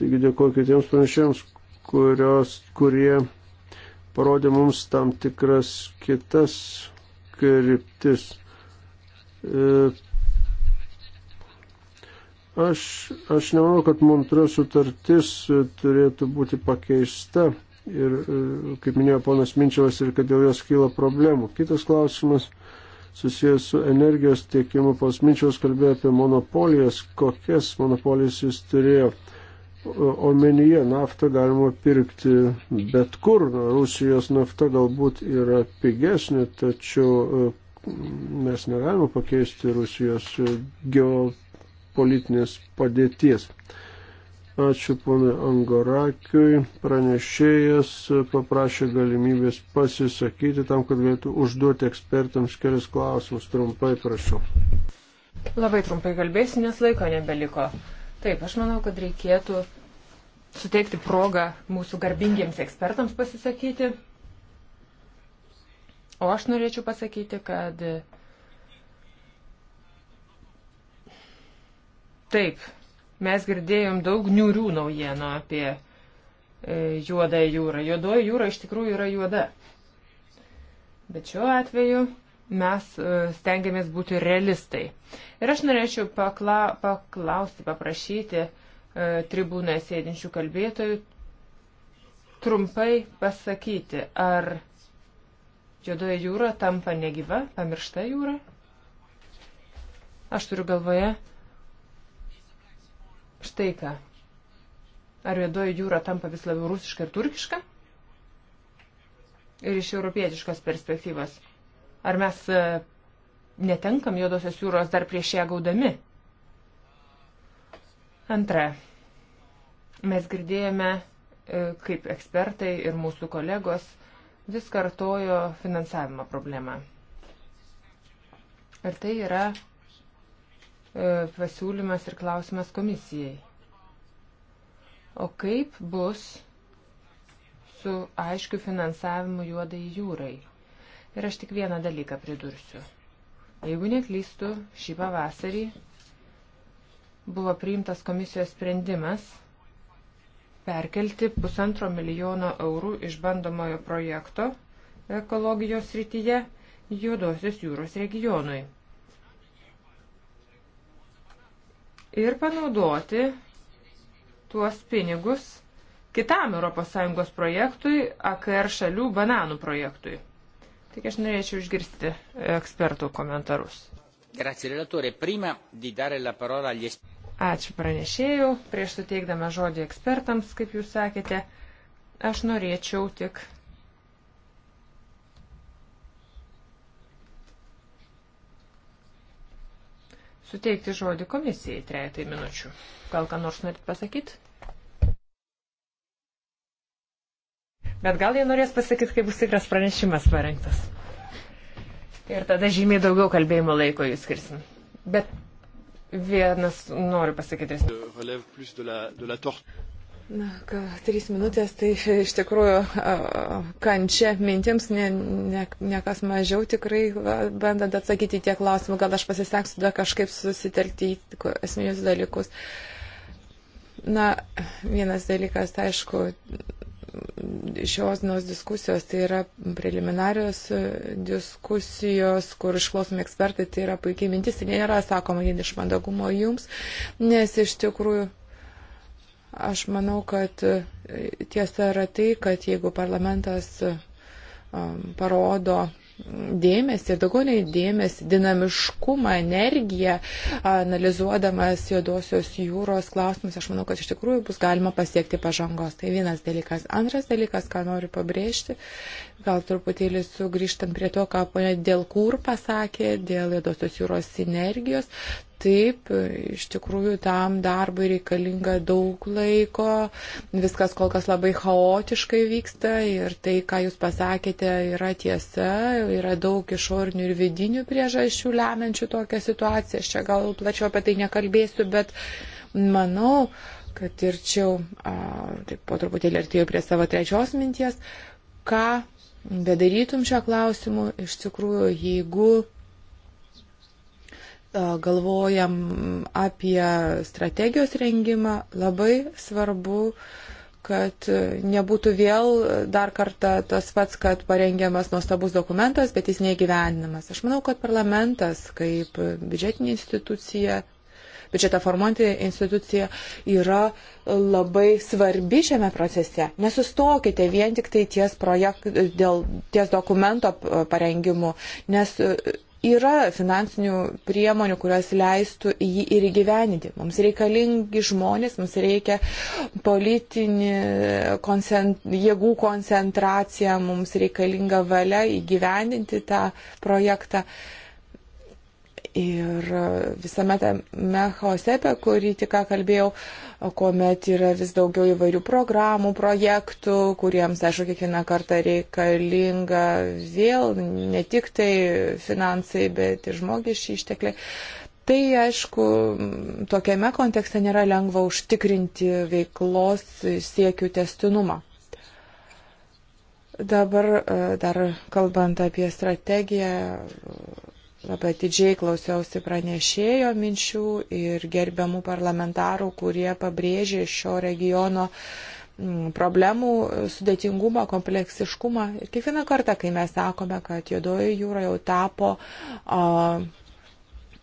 Taigi dėkuoju kitiems pranešėjams, kurios, kurie parodė mums tam tikras kitas kryptis. E, Aš, aš nemanau, kad Montreux sutartis e, turėtų būti pakeista ir, e, kaip minėjo ponas Minčiavas, ir kad dėl jos kyla problemų. Kitas klausimas susijęs su energijos tiekimu. Pas Minčiavas kalbėjo apie monopolijas, kokias monopolijas jis turėjo. Omenyje naftą galima pirkti bet kur. Rusijos nafta galbūt yra pigesnė, tačiau e, mes negalime pakeisti Rusijos geopolitikos politinės padėties. Ačiū ponui Angorakiui. Pranešėjas paprašė galimybės pasisakyti tam, kad galėtų užduoti ekspertams kelias klausimus. Trumpai prašau. Labai trumpai kalbėsiu, nes laiko nebeliko. Taip, aš manau, kad reikėtų suteikti progą mūsų garbingiems ekspertams pasisakyti. O aš norėčiau pasakyti, kad Taip, mes girdėjom daug niūrių naujienų apie e, juodąją jūrą. Juodoji jūra iš tikrųjų yra juoda. Bet šiuo atveju mes e, stengiamės būti realistai. Ir aš norėčiau pakla, paklausti, paprašyti e, tribūnoje sėdinčių kalbėtojų trumpai pasakyti, ar juodoji jūra tampa negyva, pamiršta jūra? Aš turiu galvoje Štai ką. Ar juodoji jūra tampa vis labiau rusiška ir turkiška? Ir iš europietiškos perspektyvos. Ar mes e, netenkam juodosios jūros dar prieš ją gaudami? Antra. Mes girdėjome, e, kaip ekspertai ir mūsų kolegos vis kartojo finansavimo problemą. Ir tai yra E, pasiūlymas ir klausimas komisijai. O kaip bus su aiškiu finansavimu juodai jūrai? Ir aš tik vieną dalyką pridursiu. Jeigu neklystu, šį pavasarį buvo priimtas komisijos sprendimas perkelti pusantro milijono eurų iš bandomojo projekto ekologijos srityje juodosios jūros regionui. ir panaudoti tuos pinigus kitam ES projektui, AKR šalių bananų projektui. Tik aš norėčiau išgirsti ekspertų komentarus. Ačiū pranešėjų. Prieš suteikdama žodį ekspertams, kaip jūs sakėte, aš norėčiau tik suteikti žodį komisijai trejatai minučių. Gal ką nors norit pasakyti? Bet gal jie norės pasakyti, kaip bus tikras pranešimas parengtas. Ir tada žymiai daugiau kalbėjimo laiko jūs skirsim. Bet vienas noriu pasakyti. Na, ką, trys minutės, tai iš tikrųjų kančia mintims, ne, ne, ne kas mažiau tikrai bandant atsakyti tie klausimai, gal aš pasistengsiu dar kažkaip susitelkti į esminius dalykus. Na, vienas dalykas, tai aišku, šios dienos diskusijos, tai yra preliminarios diskusijos, kur išklausomi ekspertai, tai yra puikiai mintis, tai nėra sakoma vien iš mandagumo jums, nes iš tikrųjų Aš manau, kad e, tiesa yra tai, kad jeigu parlamentas e, parodo dėmesį ir daugiau nei dėmesį, dinamiškumą, energiją, analizuodamas juodosios jūros klausimus, aš manau, kad iš tikrųjų bus galima pasiekti pažangos. Tai vienas dalykas. Antras dalykas, ką noriu pabrėžti, gal truputėlį sugrįžtant prie to, ką ponė dėl kur pasakė, dėl juodosios jūros sinergijos, Taip, iš tikrųjų tam darbui reikalinga daug laiko, viskas kol kas labai chaotiškai vyksta ir tai, ką jūs pasakėte, yra tiesa, yra daug išorinių ir vidinių priežasčių lemiančių tokią situaciją. Aš čia gal plačiau apie tai nekalbėsiu, bet manau, kad ir čia, taip po truputėlį artėjau prie savo trečios minties, ką bedarytum šio klausimu, iš tikrųjų, jeigu galvojam apie strategijos rengimą, labai svarbu kad nebūtų vėl dar kartą tas pats, kad parengiamas nuostabus dokumentas, bet jis neįgyvendinamas. Aš manau, kad parlamentas kaip biudžetinė institucija, biudžetą formuojanti institucija yra labai svarbi šiame procese. Nesustokite vien tik tai ties, projekt, dėl, ties dokumento parengimu, nes yra finansinių priemonių, kurios leistų jį ir įgyveninti. Mums reikalingi žmonės, mums reikia politinį koncent, jėgų koncentraciją, mums reikalinga valia įgyveninti tą projektą. Uh, Ir visame tame chaose, apie kurį tik ką kalbėjau, kuomet yra vis daugiau įvairių programų, projektų, kuriems, aišku, kiekvieną kartą reikalinga vėl ne tik tai finansai, bet ir žmogiški ištekliai. Tai, aišku, tokiame kontekste nėra lengva užtikrinti veiklos siekių testinumą. Dabar e, dar kalbant apie strategiją Labai atidžiai klausiausi pranešėjo minčių ir gerbiamų parlamentarų, kurie pabrėžė šio regiono mm, problemų sudėtingumą, kompleksiškumą. Ir kiekvieną kartą, kai mes sakome, kad Jodoji jūra jau tapo uh,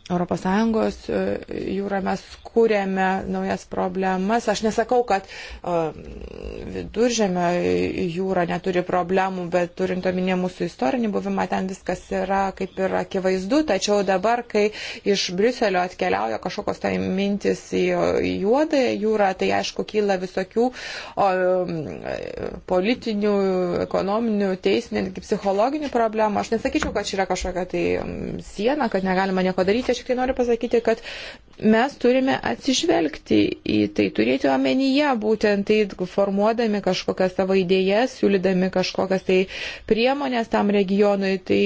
ES e, jūrą mes kūrėme naujas problemas. Aš nesakau, kad e, viduržėme jūra neturi problemų, bet turint omenyje mūsų istorinį buvimą, ten viskas yra kaip ir akivaizdu. Tačiau dabar, kai iš Briuselio atkeliauja kažkokios tai mintis į juodą jūrą, tai aišku, kyla visokių o, politinių, ekonominių, teisinių, netgi psichologinių problemų. Aš nesakyčiau, kad čia yra kažkokia tai siena, kad negalima nieko daryti aš tik tai noriu pasakyti, kad mes turime atsižvelgti į tai, turėti omenyje būtent tai, formuodami kažkokias savo idėjas, siūlydami kažkokias tai priemonės tam regionui. Tai,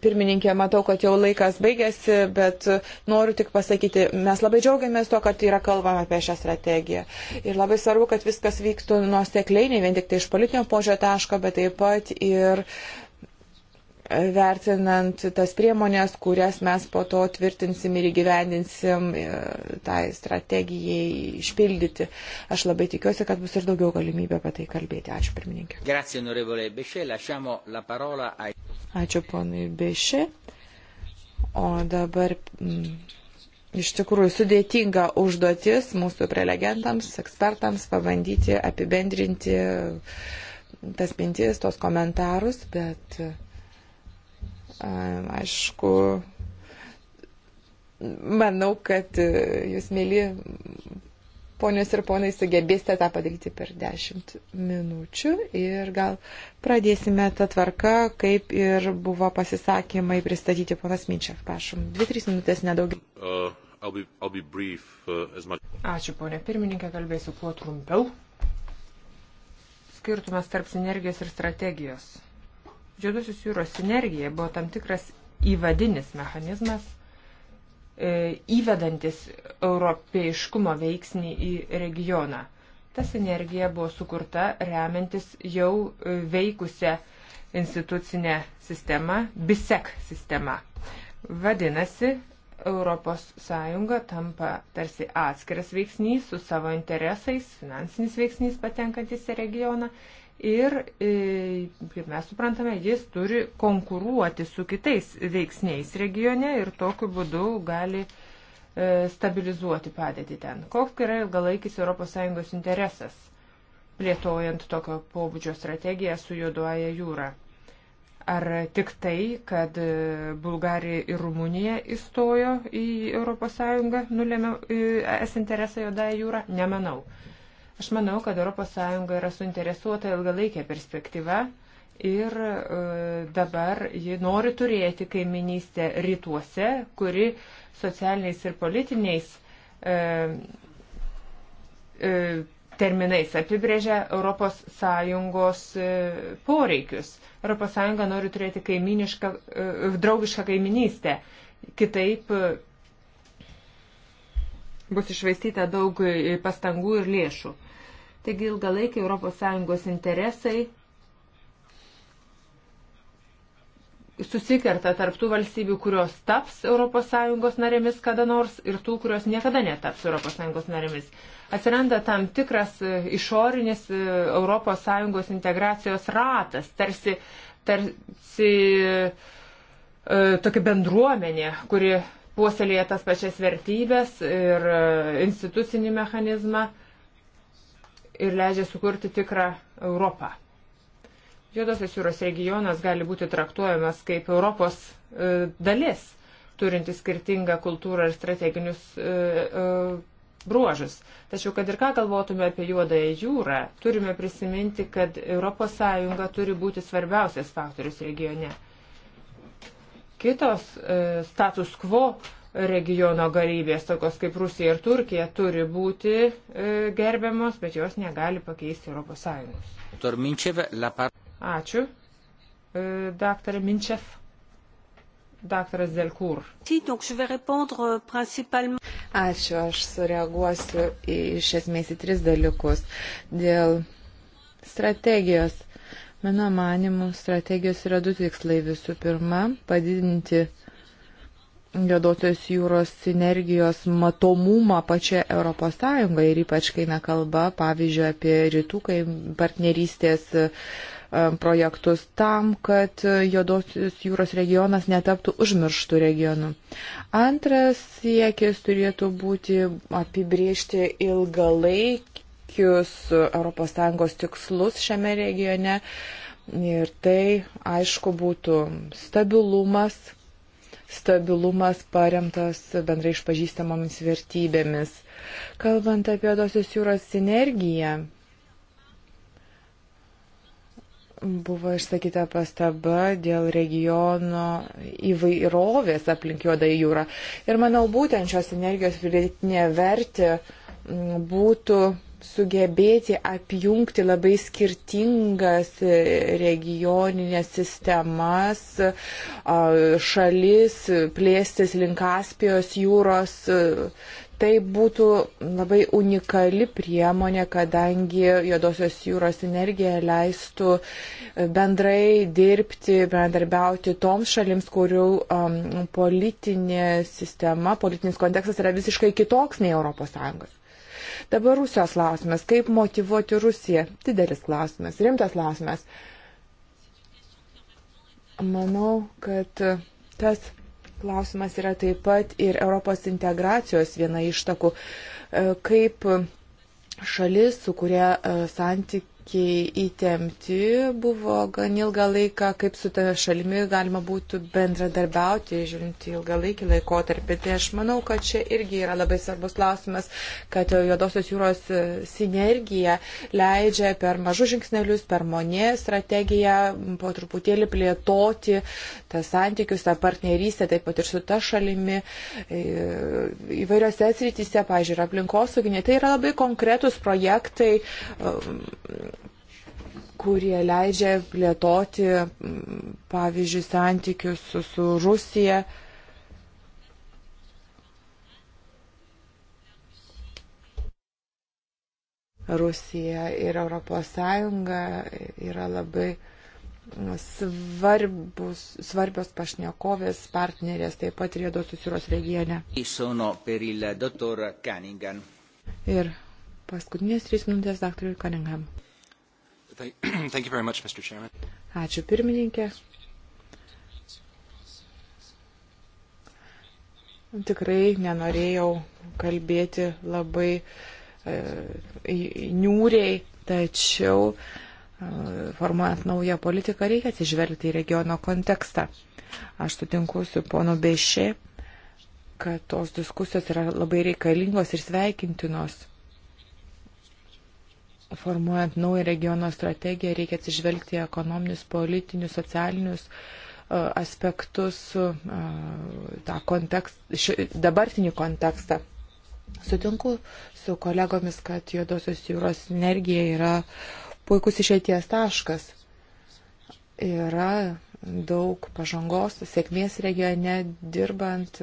Pirmininkė, matau, kad jau laikas baigėsi, bet noriu tik pasakyti, mes labai džiaugiamės to, kad yra kalbama apie šią strategiją. Ir labai svarbu, kad viskas vyktų nuosekliai, ne vien tik tai iš politinio požio taško, bet taip pat ir uh, vertinant tas priemonės, kurias mes po to tvirtinsim ir įgyvendinsim e, tai strategijai išpildyti. Aš labai tikiuosi, kad bus ir daugiau galimybę apie tai kalbėti. Ačiū pirmininkė. Ačiū ponui Bešė. O dabar. Mm, Iš tikrųjų sudėtinga užduotis mūsų prelegentams, ekspertams pabandyti apibendrinti tas mintis, tos komentarus, bet Aišku, manau, kad e, jūs, mėly ponios ir ponai, sugebėsite tą padaryti per 10 minučių ir gal pradėsime tą tvarką, kaip ir buvo pasisakymai pristatyti ponas Minčiak. Prašom, 2-3 minutės nedaugiau. Uh. I'll be, I'll be brief, uh, much... Ačiū, ponė pirmininkė, kalbėsiu kuo trumpiau. Skirtumas tarp sinergijos ir strategijos. Žiedosios jūros sinergija buvo tam tikras įvadinis mechanizmas, e, įvedantis europeiškumo veiksnį į regioną. Ta sinergija buvo sukurta remiantis jau e, veikusią institucinę sistemą, BISEC sistemą. Vadinasi, ES tampa tarsi atskiras veiksnys su savo interesais, finansinis veiksnys patenkantis į regioną ir, e, kaip mes suprantame, jis turi konkuruoti su kitais veiksniais regione ir tokiu būdu gali e, stabilizuoti padėtį ten. Koks yra ilgalaikis ES interesas, plėtojant tokio pobūdžio strategiją su juodoja jūra? Ar tik tai, kad e, Bulgarija ir Rumunija įstojo į ES, nulėmė es interesą juodąją jūrą? Nemanau. Aš manau, kad ES yra suinteresuota ilgalaikė perspektyva ir e, dabar ji nori turėti kaiminystę rytuose, kuri socialiniais ir politiniais e, e, terminais apibrėžia ES poreikius. ES nori turėti kaiminišką, draugišką kaiminystę. Kitaip bus išvaistyta daug pastangų ir lėšų. Taigi ilgalaikiai ES interesai susikerta tarptų valstybių, kurios taps ES narėmis kada nors ir tų, kurios niekada netaps ES narėmis. Atsiranda tam tikras e, išorinis ES integracijos ratas, tarsi, tarsi e, tokia bendruomenė, kuri puoselėja tas pačias vertybės ir e, institucinį mechanizmą. E, ir leidžia sukurti tikrą Europą. Juodosios jūros regionas gali būti traktuojamas kaip Europos e, dalis, turinti skirtingą kultūrą ir strateginius e, e, bruožus. Tačiau, kad ir ką galvotume apie Juodąją jūrą, turime prisiminti, kad ES turi būti svarbiausias faktorius regione. Kitos status quo regiono galybės, tokios kaip Rusija ir Turkija, turi būti e, gerbiamos, bet jos negali pakeisti Europos Sąjungos. Ačiū. E, Daktarė Minčev. Daktaras Delkur. Euh, Ačiū, aš sureaguosiu į, iš esmės į tris dalykus. Dėl strategijos. Mano manimu, strategijos yra du tikslai. Visų pirma, padidinti Juodosios jūros sinergijos matomumą pačioje Europos Sąjungoje ir ypač, kai nekalba, pavyzdžiui, apie rytų partnerystės e, projektus tam, kad Juodosios jūros regionas netaptų užmirštų regionu. Antras siekis turėtų būti apibriežti ilgalaikius ES tikslus šiame regione ir tai, aišku, būtų stabilumas stabilumas paremtas bendrai išpažįstamomis vertybėmis. Kalbant apie Dosios jūros sinergiją, buvo išsakyta pastaba dėl regiono įvairovės aplink juodą jūrą. Ir manau, būtent šios energijos pridėtinė vertė mm, būtų sugebėti apjungti labai skirtingas e, regioninės sistemas, e, šalis, plėstis link Aspijos jūros. E, tai būtų labai unikali priemonė, kadangi Jodosios jūros energija leistų bendrai dirbti, bendarbiauti toms šalims, kurių um, politinė sistema, politinis kontekstas yra visiškai kitoks nei ES. Dabar Rusijos klausimas. Kaip motivuoti Rusiją? Didelis klausimas, rimtas klausimas. Manau, kad tas klausimas yra taip pat ir Europos integracijos viena ištakų. E, kaip šalis, su kuria e, santykiai santykiai įtemti buvo gan ilgą laiką, kaip su ta šalimi galima būtų bendradarbiauti, žiūrint ilgalaikį laikotarpį. Tai aš manau, kad čia irgi yra labai svarbus klausimas, kad Juodosios jūros sinergija leidžia per mažus žingsnelius, per monė strategiją po truputėlį plėtoti tą santykius, tą partnerystę, taip pat ir su ta šalimi įvairiose srityse, pažiūrėjau, aplinkosauginė. Tai yra labai konkretus projektai um, kurie leidžia plėtoti, pavyzdžiui, santykius su, su Rusija. Rusija ir ES yra labai svarbus, svarbios pašnekovės partnerės, taip pat Riedo Susiros regione. Ir paskutinės trys minutės daktarui Cunningham. *clears throat* Thank you very much, Mr. Chairman. Ačiū pirmininkė. Tikrai nenorėjau kalbėti labai e, niūriai, tačiau e, formuojant naują politiką reikia atsižvelgti į regiono kontekstą. Aš sutinku su ponu Bešė, kad tos diskusijos yra labai reikalingos ir sveikintinos formuojant naują regiono strategiją, reikia atsižvelgti į ekonominius, politinius, socialinius e, aspektus, e, tą kontekst, dabartinį kontekstą. Sutinku su kolegomis, kad Juodosios jūros energija yra puikus išeities taškas. Yra daug pažangos, sėkmės regione, dirbant,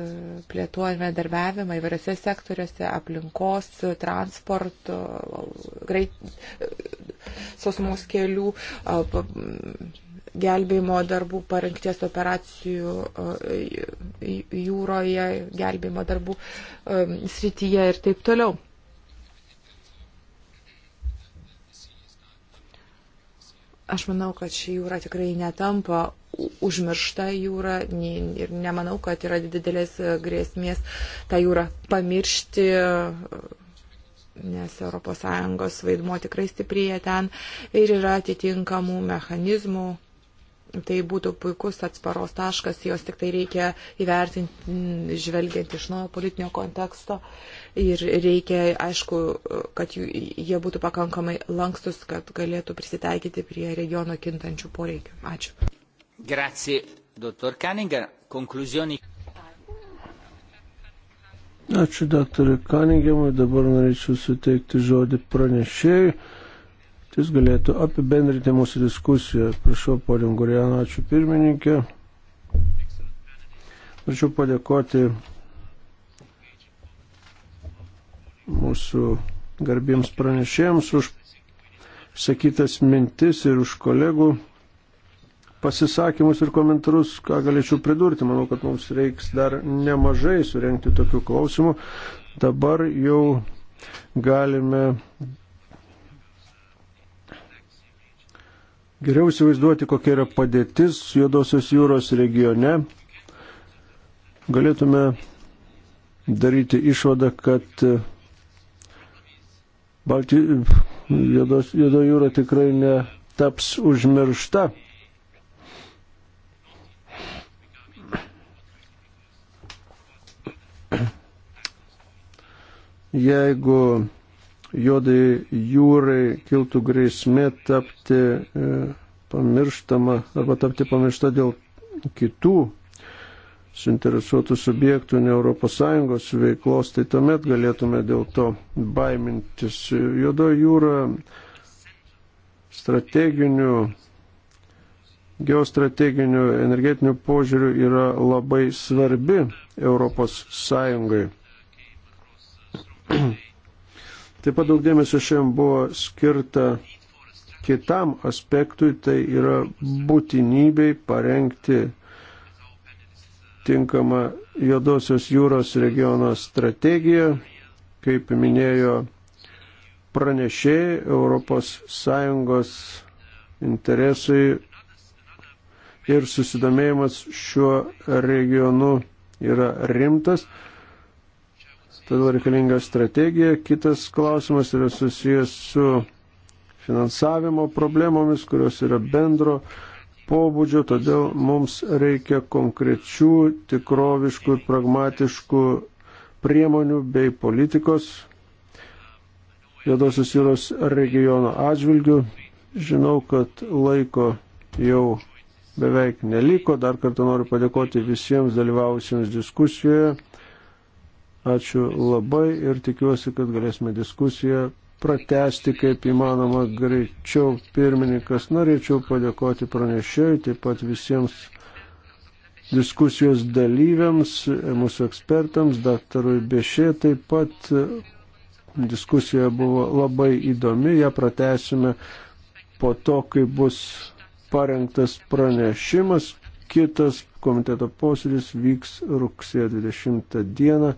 plėtuojant bendarbiavimą įvairiose sektoriuose - aplinkos, transporto, greit, sausumos kelių, gelbėjimo darbų, parengties operacijų jūroje, gelbėjimo darbų srityje ir taip toliau. Aš manau, kad ši jūra tikrai netampa užmiršta jūra ir nemanau, kad yra didelės grėsmės tą jūrą pamiršti nes ES vaidmo tikrai stiprėja ten ir yra atitinkamų mechanizmų, tai būtų puikus atsparos taškas, jos tik tai reikia įvertinti, žvelgiant iš naujo politinio konteksto. Ir reikia, aišku, kad jų, jie būtų pakankamai lankstus, kad galėtų prisitaikyti prie regiono kintančių poreikių. Ačiū. Grazie, dr. Kaninger. Konkluzioni. Ačiū, dr. Kaningemui. Dabar norėčiau suteikti žodį pranešėjui. Jis galėtų apibendrinti mūsų diskusiją. Prašau, ponė Gurėna, ačiū pirmininkė. Norėčiau padėkoti mūsų garbiems pranešėjams už sakytas mintis ir už kolegų pasisakymus ir komentarus, ką galėčiau pridurti. Manau, kad mums reiks dar nemažai surenkti tokių klausimų. Dabar jau galime geriau įsivaizduoti, kokia yra padėtis Juodosios jūros regione, galėtume daryti išvadą, kad e, Balti... Juodos... Juodo jūra tikrai netaps užmiršta. Jeigu juodai jūrai kiltų grėsmė tapti e, pamirštama arba tapti pamiršta dėl kitų suinteresuotų subjektų, ne ES veiklos, tai tuomet galėtume dėl to baimintis. Juodo jūra strateginių, geostrateginių, energetinių požiūrių yra labai svarbi ES. *clears throat* Taip pat daug dėmesio šiandien buvo skirta kitam aspektui, tai yra būtinybei parengti tinkamą Jodosios jūros regiono strategiją, kaip minėjo pranešėjai Europos Sąjungos interesai ir susidomėjimas šiuo regionu yra rimtas todėl reikalinga strategija. Kitas klausimas yra susijęs su finansavimo problemomis, kurios yra bendro pobūdžio, todėl mums reikia konkrečių, tikroviškų ir pragmatiškų priemonių bei politikos Jėdosios jūros regiono atžvilgių. Žinau, kad laiko jau beveik neliko. Dar kartą noriu padėkoti visiems dalyvausiams diskusijoje. Ačiū labai ir tikiuosi, kad galėsime diskusiją pratesti kaip įmanoma greičiau. Pirmininkas, norėčiau padėkoti pranešėjui, taip pat visiems diskusijos dalyviams, mūsų ekspertams, daktarui Bešė taip pat. Diskusija buvo labai įdomi, ją pratesime po to, kai bus parengtas pranešimas. Kitas komiteto posėdis vyks rugsėjo 20 dieną.